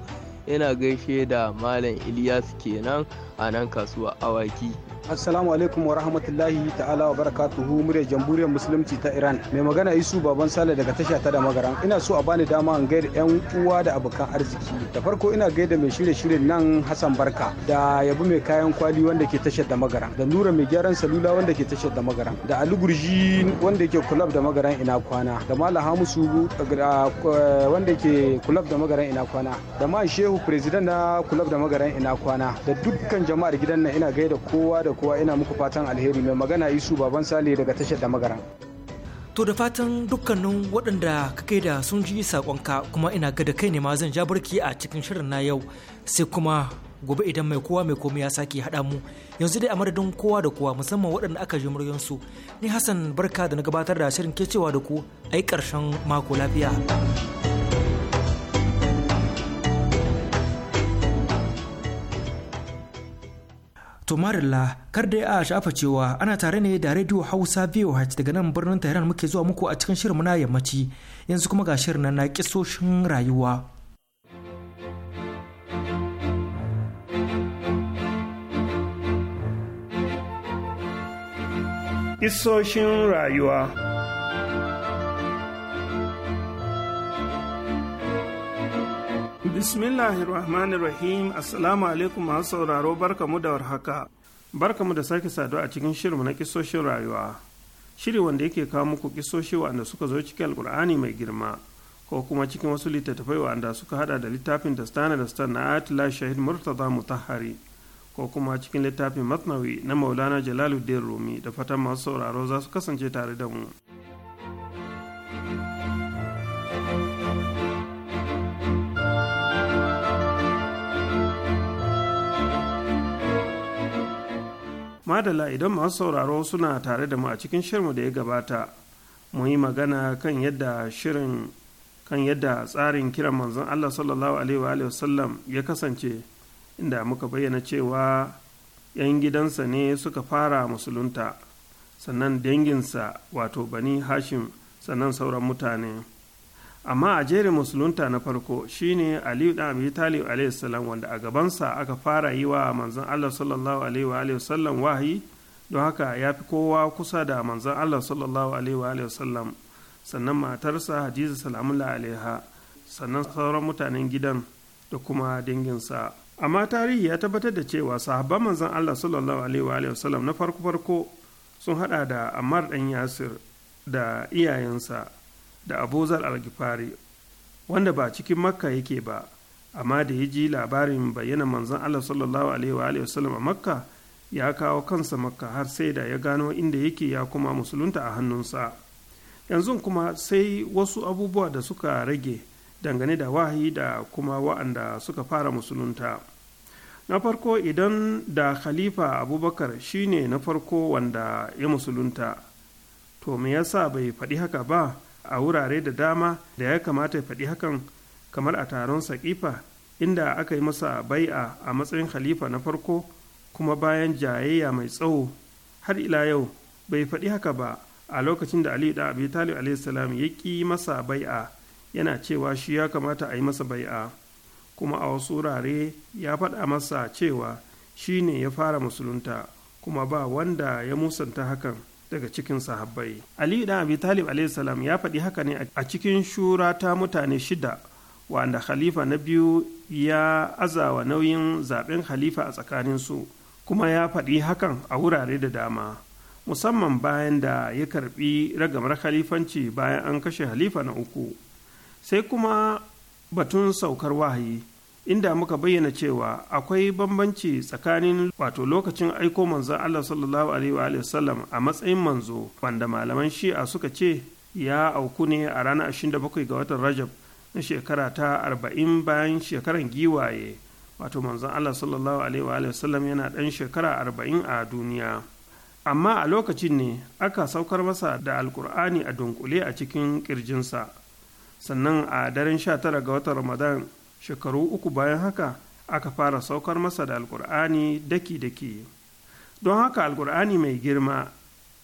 ina gaishe da malam ilyas kenan a nan kasuwa awaki assalamu alaikum wa rahmatullahi ta'ala wa barakatuhu murya jamhuriyar musulunci ta iran mai magana isu baban sale daga tasha ta da magaran ina so a bani dama in gaida yan uwa da abokan arziki da farko ina gaida mai shirye shirye nan hassan barka da yabi mai kayan kwali wanda ke tasha da magaran da nura mai gyaran salula wanda ke tasha da magaran da ali gurji wanda ke kulab da magaran ina kwana da malam hamisu eh, wanda ke kulab da magaran ina kwana da ma shehu president na kulab da magaran ina kwana da dukkan jama'ar gidan nan ina gaida kowa da kowa ina muku fatan alheri mai magana Isu Baban Sale daga tashar da magaran. To da fatan dukkanin waɗanda ka kai da sun ji saƙonka kuma ina ga da kai ne ma zan ja barki a cikin shirin na yau sai kuma gobe idan mai kowa mai komai ya sake haɗa mu yanzu dai a madadin kowa da kowa musamman waɗanda aka ji muryansu ni Hassan barka da na gabatar da shirin ke cewa da ku ai ƙarshen mako lafiya. To kar dai a shafa cewa ana tare ne da Radio Hausa VOH daga nan birnin Tehran muke zuwa muku a cikin shirin na yammaci yanzu kuma ga shirin na kisoshin rayuwa. Isoshin rayuwa Bismillahirrahmanirrahim Assalamu alaikum masu sauraro barkamu da warhaka. mu da sake saduwa a cikin shirinmu na kisoshin rayuwa. Shiri wanda yake kawo muku kisoshi wanda suka zo cikin alkur'ani mai girma ko kuma cikin wasu littattafai wanda suka hada da littafin da stana da stan na Atila Shahid Murtaza Mutahari ko kuma cikin littafin Matnawi na Maulana Jalaluddin Rumi da fatan masu sauraro za su kasance tare da mu. madala idan masu sauraro suna tare da mu a cikin shirmu da ya gabata mu yi magana kan yadda shirin kan yadda tsarin kiran manzon Allah sallallahu alaihi wa sallam ya kasance inda muka bayyana cewa 'yan gidansa ne suka fara musulunta sannan danginsa wato bani hashim sannan sauran mutane. amma a jerin musulunta na farko shine aliyu dan abi talib alaihi salam wanda a gabansa aka fara yi wa manzon allah sallallahu alaihi wa sallam wahayi don haka ya fi kowa kusa da manzon allah sallallahu alaihi wa sallam sannan matarsa hadiza salamullah alaiha sannan sauran mutanen gidan da kuma danginsa amma tarihi ya tabbatar da cewa sahabban manzon allah sallallahu alaihi wa sallam na farko farko sun hada da ammar dan yasir da iyayensa da abuzar algifari wanda ba cikin makka yake ba amma da ya ji labarin bayyana manzon allah sallallahu alaihi wa a makka ya kawo kansa makka har sai da ya gano inda yake ya kuma musulunta a hannunsa yanzu kuma sai wasu abubuwa da suka rage dangane da wahayi da kuma wa'anda suka fara musulunta na farko idan da khalifa abubakar shine na farko wanda ya musulunta to me yasa bai faɗi haka ba a wurare da dama da ya kamata ya faɗi hakan kamar a taron saƙifa inda aka yi masa bai'a a matsayin khalifa na farko kuma bayan jayayya mai tsawo har ila yau bai faɗi haka ba a lokacin da aliyu da abi talib alaihissalam ya ƙi masa bai'a yana cewa shi ya kamata a yi masa bai'a kuma a wasu wurare ya faɗa masa cewa shi ne ya fara musulunta kuma ba wanda ya musanta hakan daga cikin sahabbai ali dan abi talib salam ya faɗi haka ne a cikin shura ta mutane shida wanda khalifa na biyu ya azawa nauyin zaben khalifa a tsakanin su kuma ya faɗi hakan a wurare da dama musamman bayan da ya karbi ragamar khalifanci bayan an kashe Khalifa na uku sai kuma batun saukar wahayi inda muka bayyana cewa akwai bambanci tsakanin wato lokacin aiko manzon Allah sallallahu alaihi wa sallam a matsayin manzo wanda malaman shi'a suka ce ya auku ne a ranar 27 ga watan Rajab na shekara ta 40 bayan shekaran giwaye wato manzon Allah sallallahu alaihi wa sallam yana dan shekara 40 a duniya amma a lokacin ne aka saukar masa da alkur'ani a dunkule a cikin kirjinsa sannan a daren 19 ga watan Ramadan shekaru uku bayan haka aka fara saukar masa da alkur'ani daki-daki don haka alkur'ani mai girma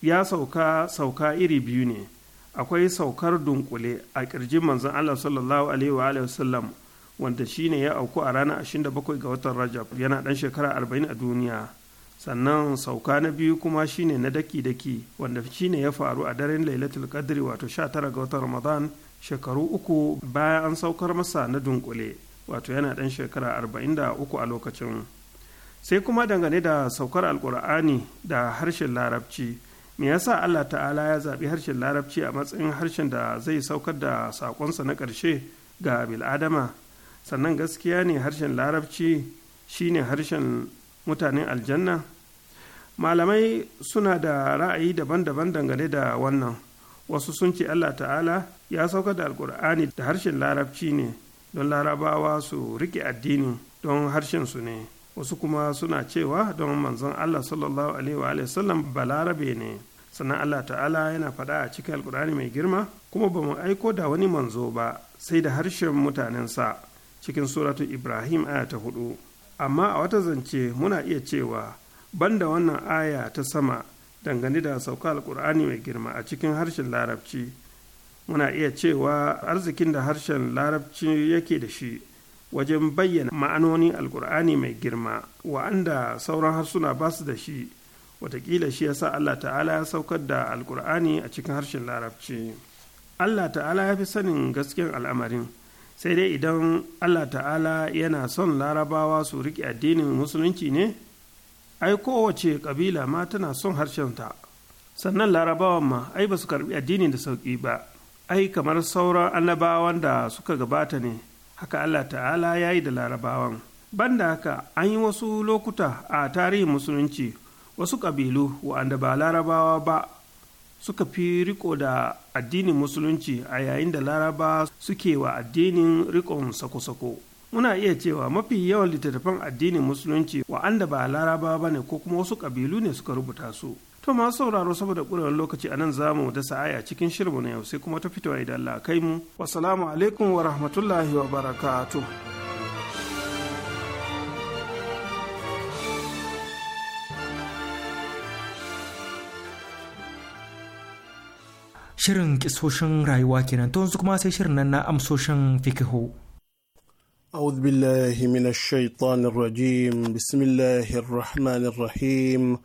ya sauka sauka iri biyu ne akwai saukar dunkule a ƙirjin manzon allah sallallahu alaihi wa sallam wanda shine ya auku a ranar 27 ga watan rajab yana ɗan shekara 40 a duniya sannan sauka na biyu kuma shine na daki-daki wanda shine ya faru a daren lailatul qadri wato 19 ga watan ramadan shekaru uku bayan an saukar masa na dunkule wato yana ɗan shekara arba'in da uku a lokacin sai kuma dangane da saukar alkur'ani da harshen larabci me yasa allah ta'ala ya zaɓi harshen larabci a matsayin harshen da zai saukar da saƙonsa na ƙarshe ga bil'adama sannan gaskiya ne harshen larabci shine harshen mutanen aljanna malamai suna da ra'ayi daban-daban dangane da wannan wasu sun ce allah ta'ala ya sauka da alkur'ani da harshen larabci ne don larabawa su rike addini don harshen su ne wasu kuma suna cewa don manzon allah sallallahu alaihi wa sallam balarabe ne sannan allah ta'ala yana faɗa a cikin alkur'ani mai girma kuma ba mu aiko da wani manzo ba sai da harshen mutanensa cikin suratu ibrahim aya ta hudu amma a wata zance muna iya cewa banda wannan aya ta sama dangane da sauka alkur'ani mai girma a cikin harshen larabci muna iya cewa arzikin da harshen larabci yake da shi wajen bayyana ma'anoni alkur'ani mai girma wa'anda sauran harsuna ba su da shi watakila shi yasa allah ta'ala ya saukar da alkur'ani a cikin harshen larabci allah ta'ala ya fi sanin gasken al'amarin sai dai idan allah ta'ala yana son larabawa su riƙe addinin musulunci ne ai kowace ƙabila ma tana son ta. sannan larabawan ma ai ba su karɓi addinin da sauƙi ba ai kamar sauran annabawan da suka gabata ne haka allah ta'ala ya yi da larabawan banda haka an yi wasu lokuta a tarihin musulunci wasu ƙabilu wa'anda ba larabawa ba suka fi riko da addinin musulunci a yayin da laraba suke wa addinin rikon sako-sako muna iya cewa mafi yawan littattafan addinin musulunci wa'anda ba laraba ba ne ko kuma wasu ƙabilu ne suka rubuta su To masu sauraro saboda ƙurewar lokaci a nan za mu da sa'aya cikin shirmu na yau sai kuma ta fitowa idan Allah kai mu. Wasalamu alaikum wa rahmatullahi wa barakatu. Shirin kisoshin rayuwa kenan to yanzu kuma sai shirin nan na amsoshin fikihu. أعوذ بالله من الشيطان الرجيم بسم الله الرحمن الرحيم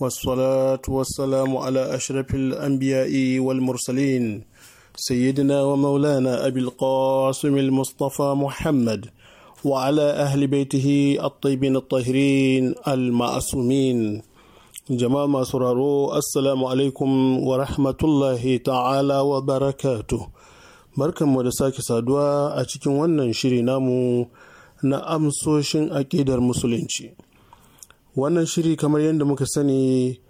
والصلاة والسلام على أشرف الأنبياء والمرسلين سيدنا ومولانا أبي القاسم المصطفى محمد وعلى أهل بيته الطيبين الطاهرين المعصومين جماعة سرارو السلام عليكم ورحمة الله تعالى وبركاته barkan mu da sake saduwa a cikin wannan shiri namu na amsoshin aƙidar musulunci wannan shiri kamar yadda muka sani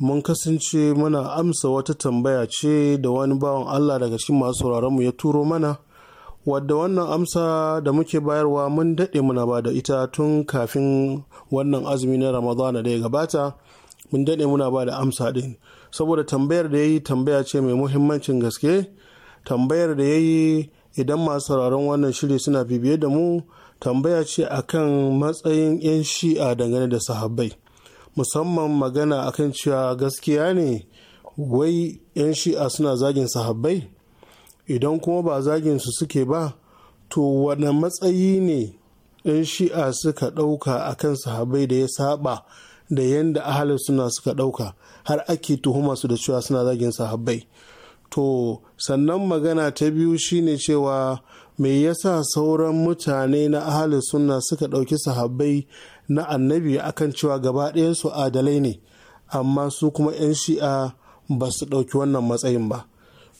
mun kasance muna amsa wata tambaya ce da wani bawan allah daga cikin masu mu ya turo mana wadda wannan amsa da muke bayarwa mun daɗe muna ba da ita tun kafin wannan azumi na ramadana da ya gabata mun daɗe muna ba da amsa ɗin saboda tambayar da ya yi tambaya ce mai muhimmancin gaske tambayar da ya yi idan masu sauraron wannan shiri suna bibiye da mu tambaya ce a kan matsayin 'yan shi'a dangane da sahabbai musamman magana a kan cewa gaskiya ne wai 'yan shi'a suna zagin sahabbai idan kuma ba zagin su suke ba to wane matsayi ne 'yan shi'a suka ɗauka kan sahabbai da ya saba da yadda ahali suna suka ɗauka har ake tuhuma su da cewa suna zagin sahabbai to sannan magana ta biyu shine cewa me yasa sauran mutane na ahali sunna suka ɗauki sahabbai na annabi akan cewa gaba su adalai ne amma su kuma 'yan shi'a ba su ɗauki wannan matsayin ba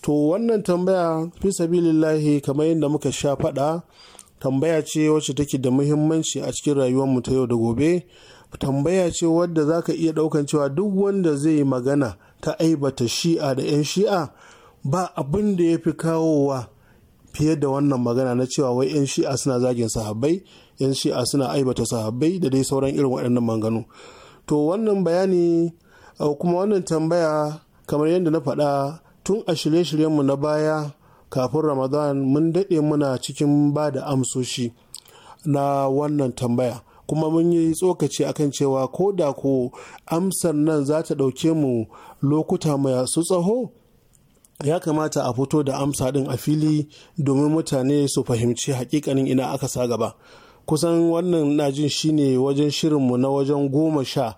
to wannan tambaya fi sabilillahi kamar yadda muka sha faɗa tambaya ce wacce take da muhimmanci a cikin rayuwarmu ta yau da gobe tambaya ce wadda za ka iya ɗaukan cewa duk wanda zai yi magana ta aibata shi'a da 'yan shi'a ba abin da ya fi kawowa fiye da wannan magana na cewa wai 'yan shi'a suna zagin sahabbai 'yan shi'a suna aibata sahabbai da dai sauran irin waɗannan manganu to wannan bayani uh, kuma wannan tambaya kamar yadda na faɗa tun a shirye-shiryenmu na baya kafin ramadan mun daɗe muna cikin ba da amsoshi na wannan tambaya kuma mun yi tsokaci akan cewa ko da ko amsar nan za ta ɗauke mu lokuta masu tsaho ya kamata a fito da amsa din a fili domin mutane su fahimci hakikanin ina aka sa gaba kusan wannan na shine wajen shirinmu na wajen goma sha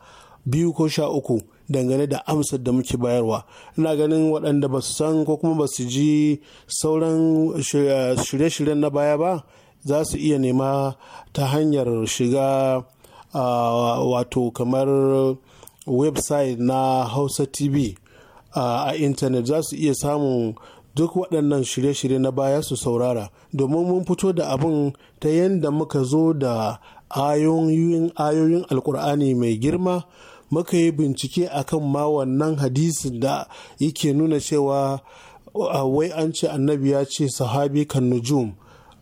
biyu ko sha uku dangane da amsar da muke bayarwa ina ganin waɗanda ba su san ko kuma ba su ji sauran shirye-shiryen na baya ba za su iya nema ta hanyar shiga ah, wato kamar website na hausa tv a intanet za su iya samun duk waɗannan shirye-shirye na baya su saurara domin mun fito da abin ta yadda muka zo da ayoyin alkur'ani mai girma muka yi bincike akan ma wannan hadisin da yake nuna cewa wai an ce annabi ya ce sahabi kan nujum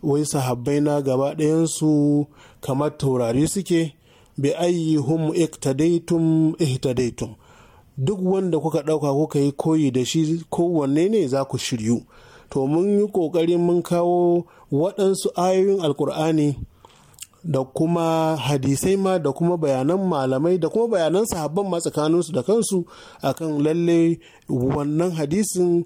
wai sahabbai na gaba ɗayansu kamar taurari suke bi ayyuhum iktadaitum ihtadaitum duk wanda kuka ɗauka kuka yi koyi da shi kowanne ne za ku shiryu to mun yi ƙoƙari mun kawo waɗansu ayoyin alkur'ani da kuma hadisai ma da kuma bayanan malamai da kuma bayanan sahabban ma tsakaninsu da kansu akan lalle wannan hadisin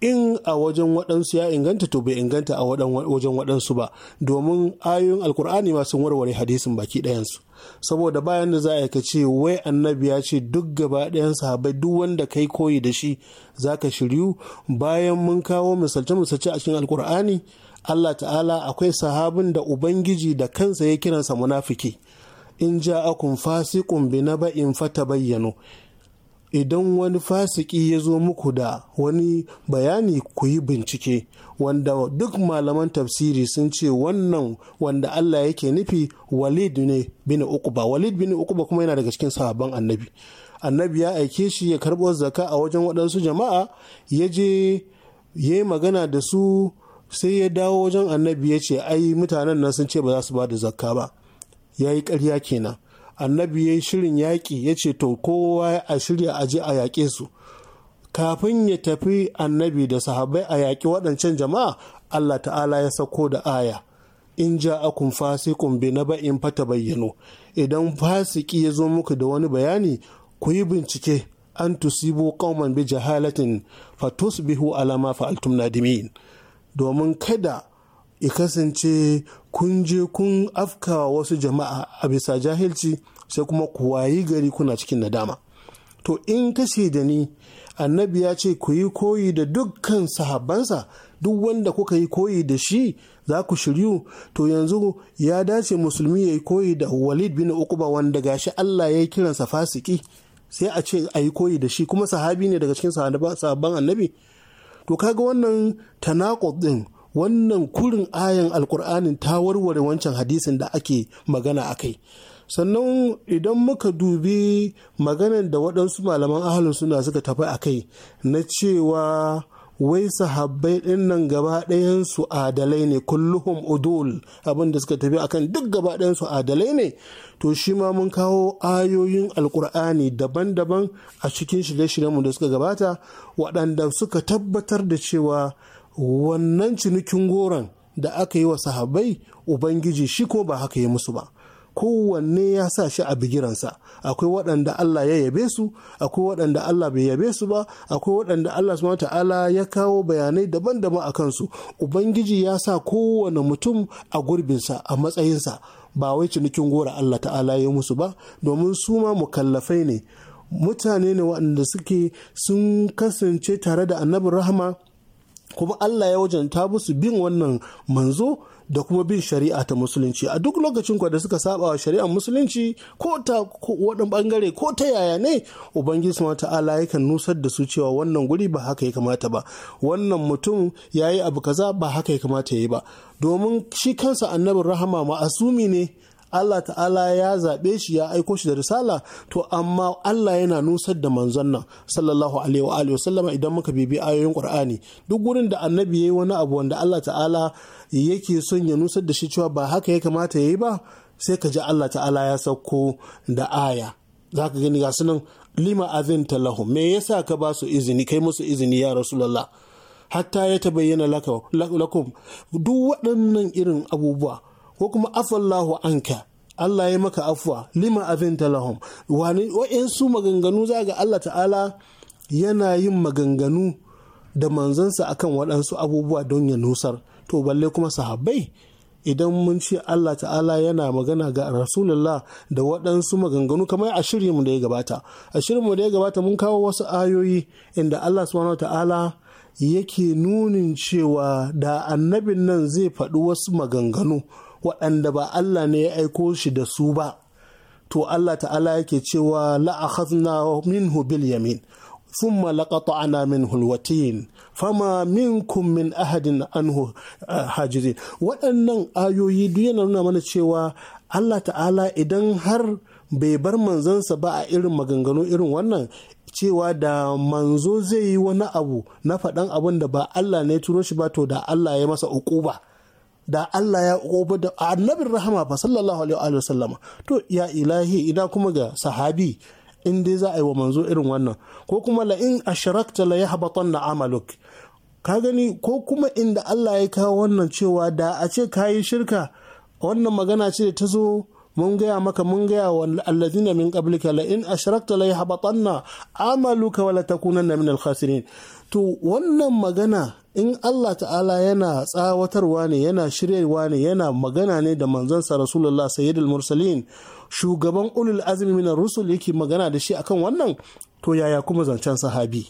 in a wajen waɗansu ya inganta to bai inganta a wajen waɗansu ba domin ayoyin alkur'ani ma sun warware hadisin baki ɗayansu saboda bayan da za a ka ce wai annabi ya ce duk gaba ɗayan sahabai duk wanda kai koyi da shi za ka shiryu bayan mun kawo misalce-misalce a cikin alkur'ani allah ta'ala akwai sahabin da ubangiji da kansa ya kiransa munafiki in ja akun fasikun bi fata bayyano. idan wani fasiki ya zo muku da wani bayani ku yi bincike wanda duk malaman tafsiri sun ce wannan wanda Allah yake nufi walid ne bin ukuba walid bin ukuba kuma yana daga cikin sahabban annabi annabi ya aike shi ya karɓo zaka a wajen waɗansu jama'a ya je ya yi magana da su sai ya dawo wajen annabi ya ce ai mutanen nan sun ce ba za su ba da zakka ba ya yi ƙarya kenan annabi ya yi shirin yaƙi ya ce to kowa a shirya aji a yaƙe su kafin ya tafi annabi da sahabai a yaƙi waɗancan jama'a allah ta'ala ya sako da aya in ja ja'akum fasiqun bi fata bayyano idan fasiki ya zo muku da wani bayani ku yi bincike an tusibo qauman bi jahalatin fatus bihu alama fa'altum nadimin domin kada ya kasance kun je kun afkawa wasu jama'a a bisa jahilci sai kuma ku wayi gari kuna cikin nadama to in kashe da ni annabi ya ce ku yi koyi da dukkan sahabansa, duk wanda kuka yi koyi da shi za ku shiryu to yanzu ya dace musulmi ya yi koyi da walid bin ukuba wanda gashi allah ya yi kiransa fasiki sai a ce a yi koyi da shi kuma sahabi ne daga cikin sahabban annabi to kaga wannan tanakot din wannan kurin ayan alkur'anin ta warware wancan hadisin da ake magana a kai sannan idan muka dubi maganan da waɗansu malaman ahalin suna suka tafi a kai na cewa wai sahabbai ɗin nan gaba ɗayansu adalai ne kulluhum udul abin da suka tafi akan duk gaba ɗayansu adalai ne to shi ma mun kawo ayoyin alkur'ani daban-daban a cikin shirye-shiryenmu da suka gabata waɗanda suka tabbatar da cewa wannan cinikin goron da aka yi wa sahabai ubangiji shi ko ba haka yi musu ba kowanne ya sa shi a bigiransa akwai waɗanda Allah ya yabe su akwai waɗanda Allah bai yabe su ba akwai waɗanda Allah subhanahu ta'ala ya kawo bayanai daban-daban a kansu ubangiji ya sa kowane mutum a gurbinsa a matsayinsa ba wai cinikin gora Allah ta'ala ya musu ba domin su ma mukallafai ne mutane ne waɗanda suke sun kasance tare da annabin rahama kuma Allah ya wajanta musu bin wannan manzo da kuma bin shari'a ta musulunci a duk lokacin da suka saba wa shari'ar musulunci ko ta wadan bangare ko ta yaya ne ubangiji subhanahu ta'ala yakan nusar da su cewa wannan guri ba haka ya kamata ba wannan mutum yayi abu kaza ba haka ya kamata ya yi ba domin shi kansa annabin rahama ma asumi ne Allah ta'ala ya zaɓe shi ya aiko shi da risala to amma Allah yana nusar da manzon nan sallallahu alaihi wa alihi idan muka bibi ayoyin Qur'ani duk gurin da annabi yayi wani abu wanda Allah ta'ala yake son ya nusar da shi cewa ba haka ya kamata yayi ba sai ka ji Allah ta'ala ya sauko da aya zaka gani ga sunan lima azinta lahum me yasa ka ba su izini kai musu izini ya rasulullah hatta ya ta bayyana lakum duk waɗannan irin abubuwa ko kuma afallahu anka Allah ya maka afuwa lima abin talahum wani su maganganu za ga Allah ta'ala yana yin maganganu da manzansa akan waɗansu abubuwa don ya nusar to balle kuma sahabbai idan mun ce Allah ta'ala yana magana ga rasulullah da waɗansu maganganu kamar a shirinmu da ya gabata a shirinmu da ya gabata mun kawo wasu ayoyi inda Allah subhanahu ta'ala yake nunin cewa da annabin nan zai faɗi wasu maganganu waɗanda ba Allah ne ya aiko shi da su ba to Allah ta'ala yake cewa la'akhadna minhu bil yamin thumma laqata'na minhu al-watin fama minkum min ahadin anhu eh, hajirin waɗannan ayoyi duk yana nuna mana cewa Allah ta'ala idan har bai bar manzansa ba a irin maganganu irin wannan cewa da manzo zai yi wani abu na faɗan abin da ba Allah ne turo shi ba to da Allah ya masa uku ba da Allah ya ƙofa da annabin rahama fa sallallahu alaihi wa sallama to ya ilahi ina kuma ga sahabi in dai za a yi wa manzo irin wannan ko kuma la in ashrakta la na amaluk ka gani ko kuma inda Allah ya kawo wannan cewa da a ce kayi shirka wannan magana ce da ta zo mun gaya maka mun gaya wa alladhina min qablika la in ashrakta la na amaluka wala takunanna min al-khasirin to wannan magana in Allah ta'ala yana tsawatarwa ne yana shiryarwa ne yana magana ne da manzansa rasulullah sayyidul mursalin shugaban ulul azmi minar rusul yake magana da shi akan wannan to yaya kuma zancen sahabi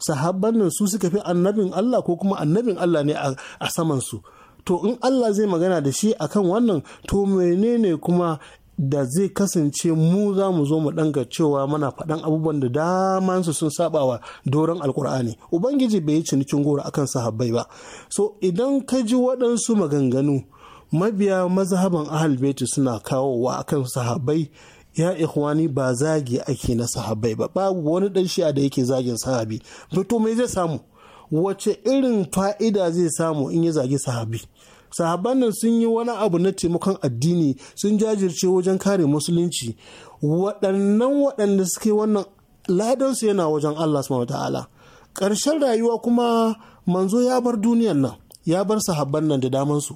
sahabban nan su suka fi annabin Allah ko kuma annabin Allah ne a saman su to in Allah zai magana da shi akan wannan to menene kuma da zai kasance mu za mu zo mu danga cewa muna faɗan abubuwan da dama su sun saba wa doron alkur'ani ubangiji bai yi cinikin goro akan sahabbai ba so idan ka ji waɗansu maganganu mabiya mazhaban ahal baiti suna kawowa akan sahabbai ya ikhwani ba zagi ake na sahabbai ba babu wani dan shi'a da yake zagin sahabi to me zai samu wace irin fa'ida zai samu in ya zagi sahabi sahabban nan sun yi wani abu na taimakon addini sun jajirce wajen kare musulunci waɗannan waɗanda suke wannan ladansu yana wajen Allah subhanahu ta'ala ƙarshen rayuwa kuma manzo ya bar duniyan nan ya bar sahabban nan da damansu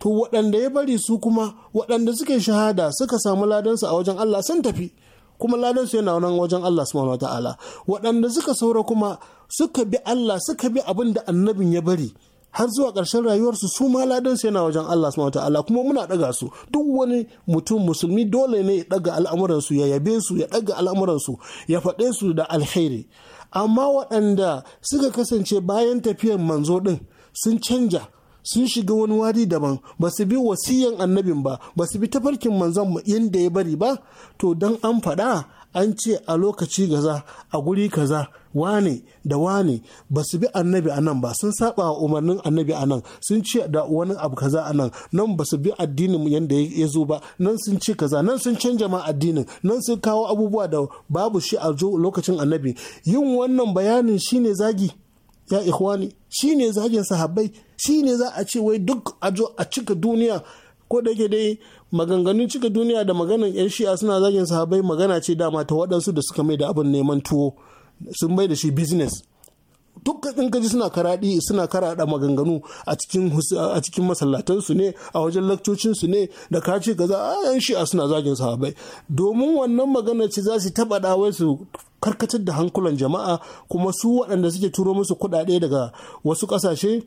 to waɗanda ya bari su kuma waɗanda suke shahada suka samu ladansu a wajen Allah sun tafi kuma ladansu yana nan wajen Allah subhanahu ta'ala waɗanda suka saura kuma suka bi Allah suka bi abin da annabin ya bari har zuwa ƙarshen rayuwarsu su ma ladansu yana wajen Allah subhanahu ta'ala kuma muna ɗaga su duk wani mutum musulmi dole ne ya ɗaga al'amuransu ya yabe su ya ɗaga al'amuransu ya faɗe su da alheri amma waɗanda suka kasance bayan tafiyar manzo ɗin sun canja sun shiga wani wadi daban ba su bi wasiyan annabin ba ba su bi tafarkin manzon yadda ya bari ba to dan an faɗa an ce a lokaci gaza a guri kaza wane da wane ba su bi annabi a nan ba sun saba wa umarnin annabi a nan sun ce da wani abu kaza a nan nan ba su bi addinin yadda ya zo ba nan sun ce kaza nan sun canja ma addinin nan sun kawo abubuwa da babu shi a lokacin annabi yin wannan bayanin shine zagi ya ikhwani shine zagin sahabbai shine za a ce wai duk a a cika duniya ko da yake dai maganganun cika duniya da maganan yan shi'a suna zagin sahabai magana ce dama ta waɗansu da suka mai da abin neman tuwo sun bai da shi business duk in kaji suna karaɗi suna karaɗa maganganu a cikin a masallatansu ne a wajen lakcocinsu ne da ka ce za a yan shi'a suna zagin sahabbai domin wannan magana ce za su taɓa ɗawai su karkatar da hankulan jama'a kuma su waɗanda suke turo musu kuɗaɗe daga wasu kasashe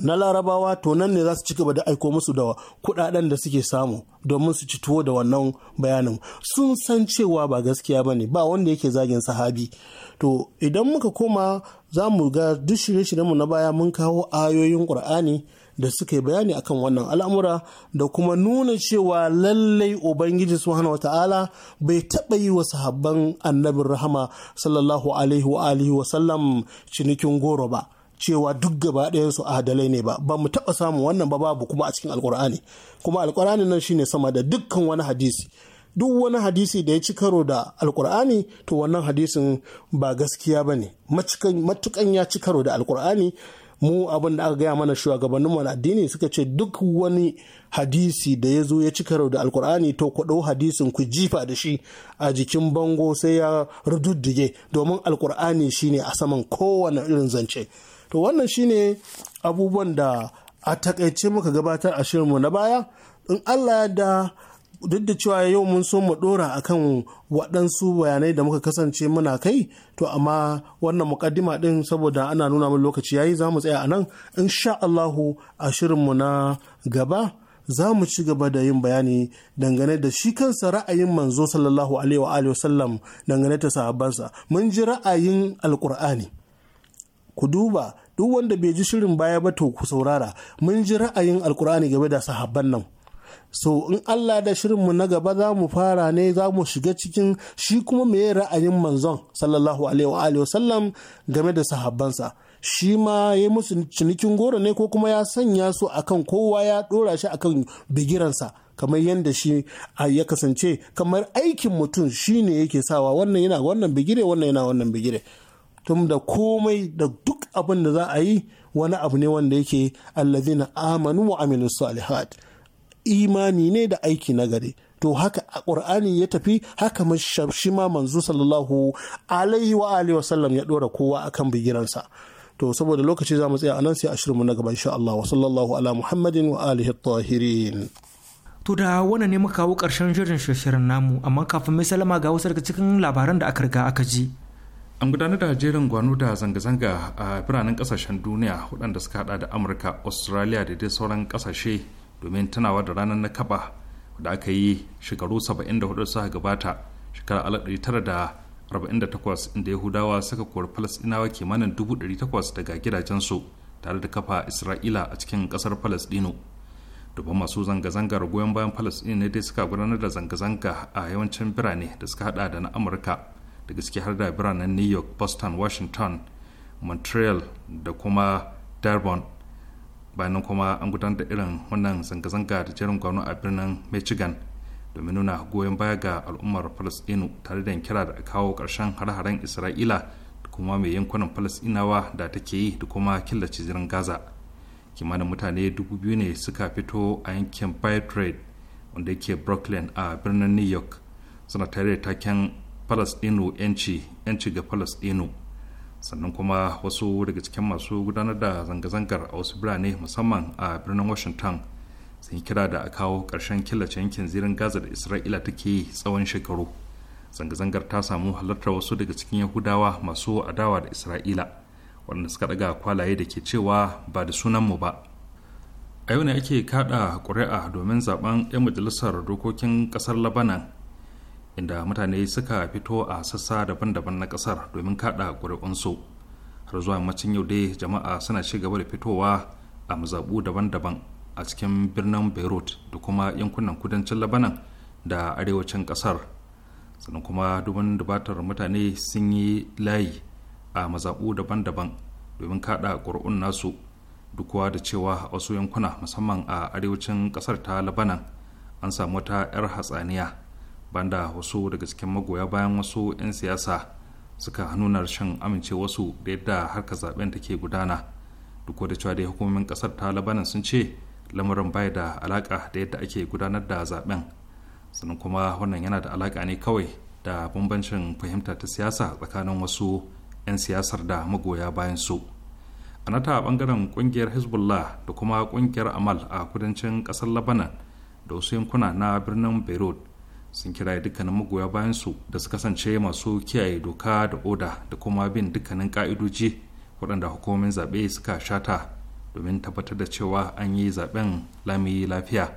na larabawa to nan ne za su ci gaba da aiko musu da kuɗaɗen da suke samu domin su ci tuwo da wannan bayanin sun san cewa ba gaskiya ba ne ba wanda yake zagin sahabi to idan muka koma za mu ga duk shirye-shiryenmu na baya mun kawo ayoyin ƙur'ani da suka yi bayani akan wannan al'amura da kuma nuna cewa lallai ubangiji subhanahu wata'ala bai taɓa yi wa sahabban annabin rahama sallallahu alaihi wa alihi wa sallam cinikin goro ba cewa duk gaba su adalai ne ba ba mu taɓa samun wannan ba babu kuma a cikin alkur'ani kuma alkur'ani nan shine sama da dukkan wani hadisi duk wani hadisi da ya ci karo da alkur'ani to wannan hadisin ba gaskiya ba ne matukan ya ci karo da alkur'ani mu abin da aka gaya mana shugabannin wani addini suka ce duk wani hadisi da ya zo ya ci karo da alkur'ani to ku hadisin ku jifa da shi a jikin bango sai ya rududdige domin alkur'ani shine a saman kowane irin zance to wannan shine abubuwan da a takaice muka gabatar a shirinmu na baya in allah ya da duk da cewa yau mun so mu dora akan waɗansu bayanai da muka kasance muna kai to amma wannan mukaddima din saboda ana nuna min lokaci yayi za mu tsaya a nan insha Allahu a shirinmu na gaba za mu ci gaba da yin bayani dangane da shi kansa ra'ayin manzo sallallahu alaihi wa alihi wasallam dangane ta sahabbansa mun ji ra'ayin alkur'ani ku duba duk wanda bai ji shirin baya ba to ku saurara mun ji ra'ayin alkur'ani game da sahabban nan so in Allah da shirinmu na gaba za mu fara ne za mu shiga cikin shi kuma mai ra'ayin manzon sallallahu alaihi wa sallam game da sahabbansa shi ma ya musu cinikin goro ne ko kuma ya sanya su akan kowa ya dora shi akan bigiransa kamar yadda shi ya kasance kamar aikin mutum shi ne yake sawa wannan yana wannan bigire wannan yana wannan bigire tun da komai da duk abin da za a yi wani abu ne wanda yake allazina amanu wa aminu salihat imani ne da aiki na gari to haka ƙur'ani ya tafi haka shi ma manzo sallallahu alaihi wa alihi wa sallam ya dora kowa akan bigiransa to saboda lokaci za mu tsaya nan sai a mu na gaba insha Allah wa sallallahu ala muhammadin wa alihi tahirin to da wani ne muka kawo karshen shirin shirin namu amma kafin mai salama ga wasu daga cikin labaran da aka riga aka ji an gudanar da jerin gwano da zanga-zanga a biranen kasashen duniya waɗanda suka hada da amurka australia da dai sauran kasashe domin tunawa da ranar na kaba da aka yi shekaru 74 suka gabata shekarar 1948 inda yahudawa suka kori falasdinawa kimanin 800 daga gidajensu tare da kafa isra'ila a cikin ƙasar falasɗinu dubban masu zanga-zangar goyon bayan falasɗinu ne dai suka gudanar da zanga-zanga a yawancin birane da suka hada da na amurka da gaske har da biranen new york boston washington montreal da kuma durban bayanan kuma an gudanar da irin wannan zanga-zanga da jerin gwano a birnin michigan domin nuna goyon baya ga al'ummar palestinu tare da kira da kawo karshen har-haren isra'ila da kuma mai yankunan palestinawa da take yi da kuma killace zirin gaza kimanin mutane dubu biyu ne suka fito a yankin trade wanda yake brooklyn a birnin new york suna tare da taken palestino yanci yanci ga palestino sannan kuma wasu daga cikin masu gudanar da zanga-zangar a wasu birane musamman a birnin washington sun yi kira da a kawo ƙarshen killace yankin zirin gaza da isra'ila take tsawon shekaru zanga-zangar ta samu halartar wasu daga cikin yahudawa masu adawa da isra'ila waɗanda suka ɗaga kwalaye da ke cewa ba da sunan mu ba a yau ne ake kaɗa ƙuri'a domin zaben 'yan majalisar dokokin ƙasar labanan inda mutane suka fito a sassa daban-daban na kasar domin kada ƙuri'unsu har zuwa macin yau dai jama'a suna ci gaba da fitowa a mazaɓu daban-daban a cikin birnin beirut da kuma yankunan kudancin labanan da arewacin kasar sannan kuma dubin dubatar mutane sun yi layi a mazaɓu daban-daban domin kada ƙuri'un nasu dukwa da cewa a wasu yankuna musamman a arewacin kasar ta labanan an samu wata 'yar hatsaniya banda wasu daga cikin magoya bayan wasu 'yan siyasa suka nuna rashin wasu da yadda harka zaben take gudana duk da cewa dai hukumomin kasar ta labanin sun ce lamarin bai da alaka da yadda ake gudanar da zaben sannan kuma wannan yana da alaka ne kawai da bambancin fahimta ta siyasa tsakanin wasu 'yan siyasar da magoya bayan su a nata bangaren kungiyar hezbollah da kuma kungiyar amal a kudancin kasar labanan da wasu yankuna na birnin beirut sun kiraye dukkanin magoya bayan su da su kasance masu kiyaye doka da oda da kuma bin dukkanin ka'idoji waɗanda hukumomin zaɓe suka shata domin tabbatar da cewa an yi zaɓen lami lafiya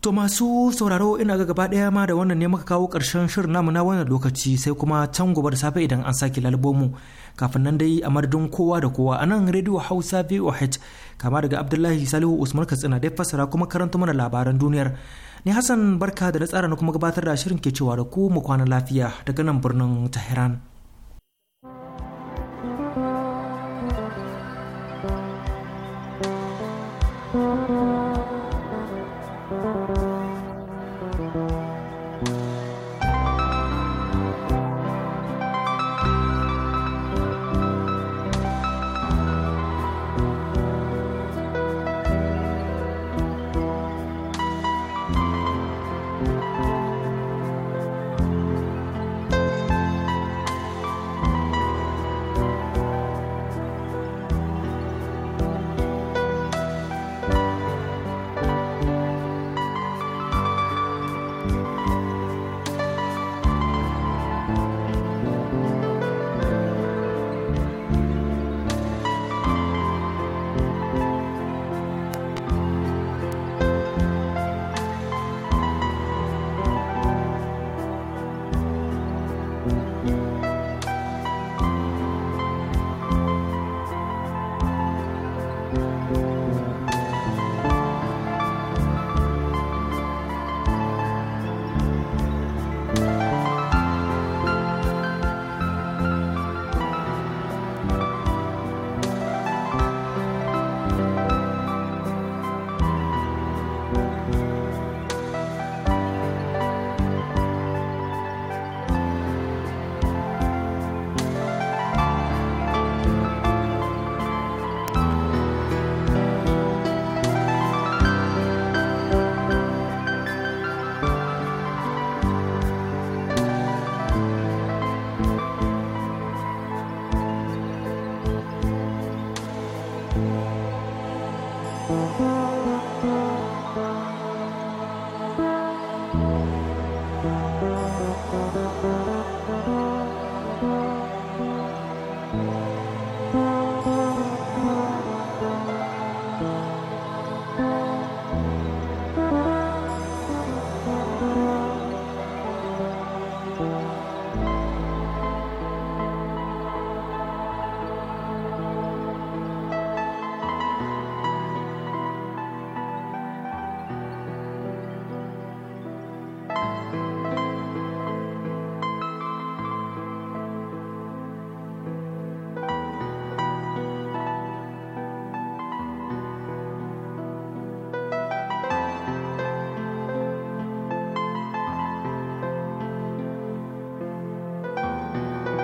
To masu sauraro ina ga gaba ɗaya ma da wannan ne muka kawo ƙarshen shirin namu na wannan lokaci sai kuma can gobe da safe idan an sake lalbomu kafin nan dai a madadin kowa da kowa a nan rediyo Hausa VOH kama daga Abdullahi Salihu Usman Katsina dai fassara kuma karanta mana labaran duniyar Ni Hassan barka da na tsara na kuma gabatar da shirin ke cewa da ku mu kwana lafiya daga nan birnin Tehran.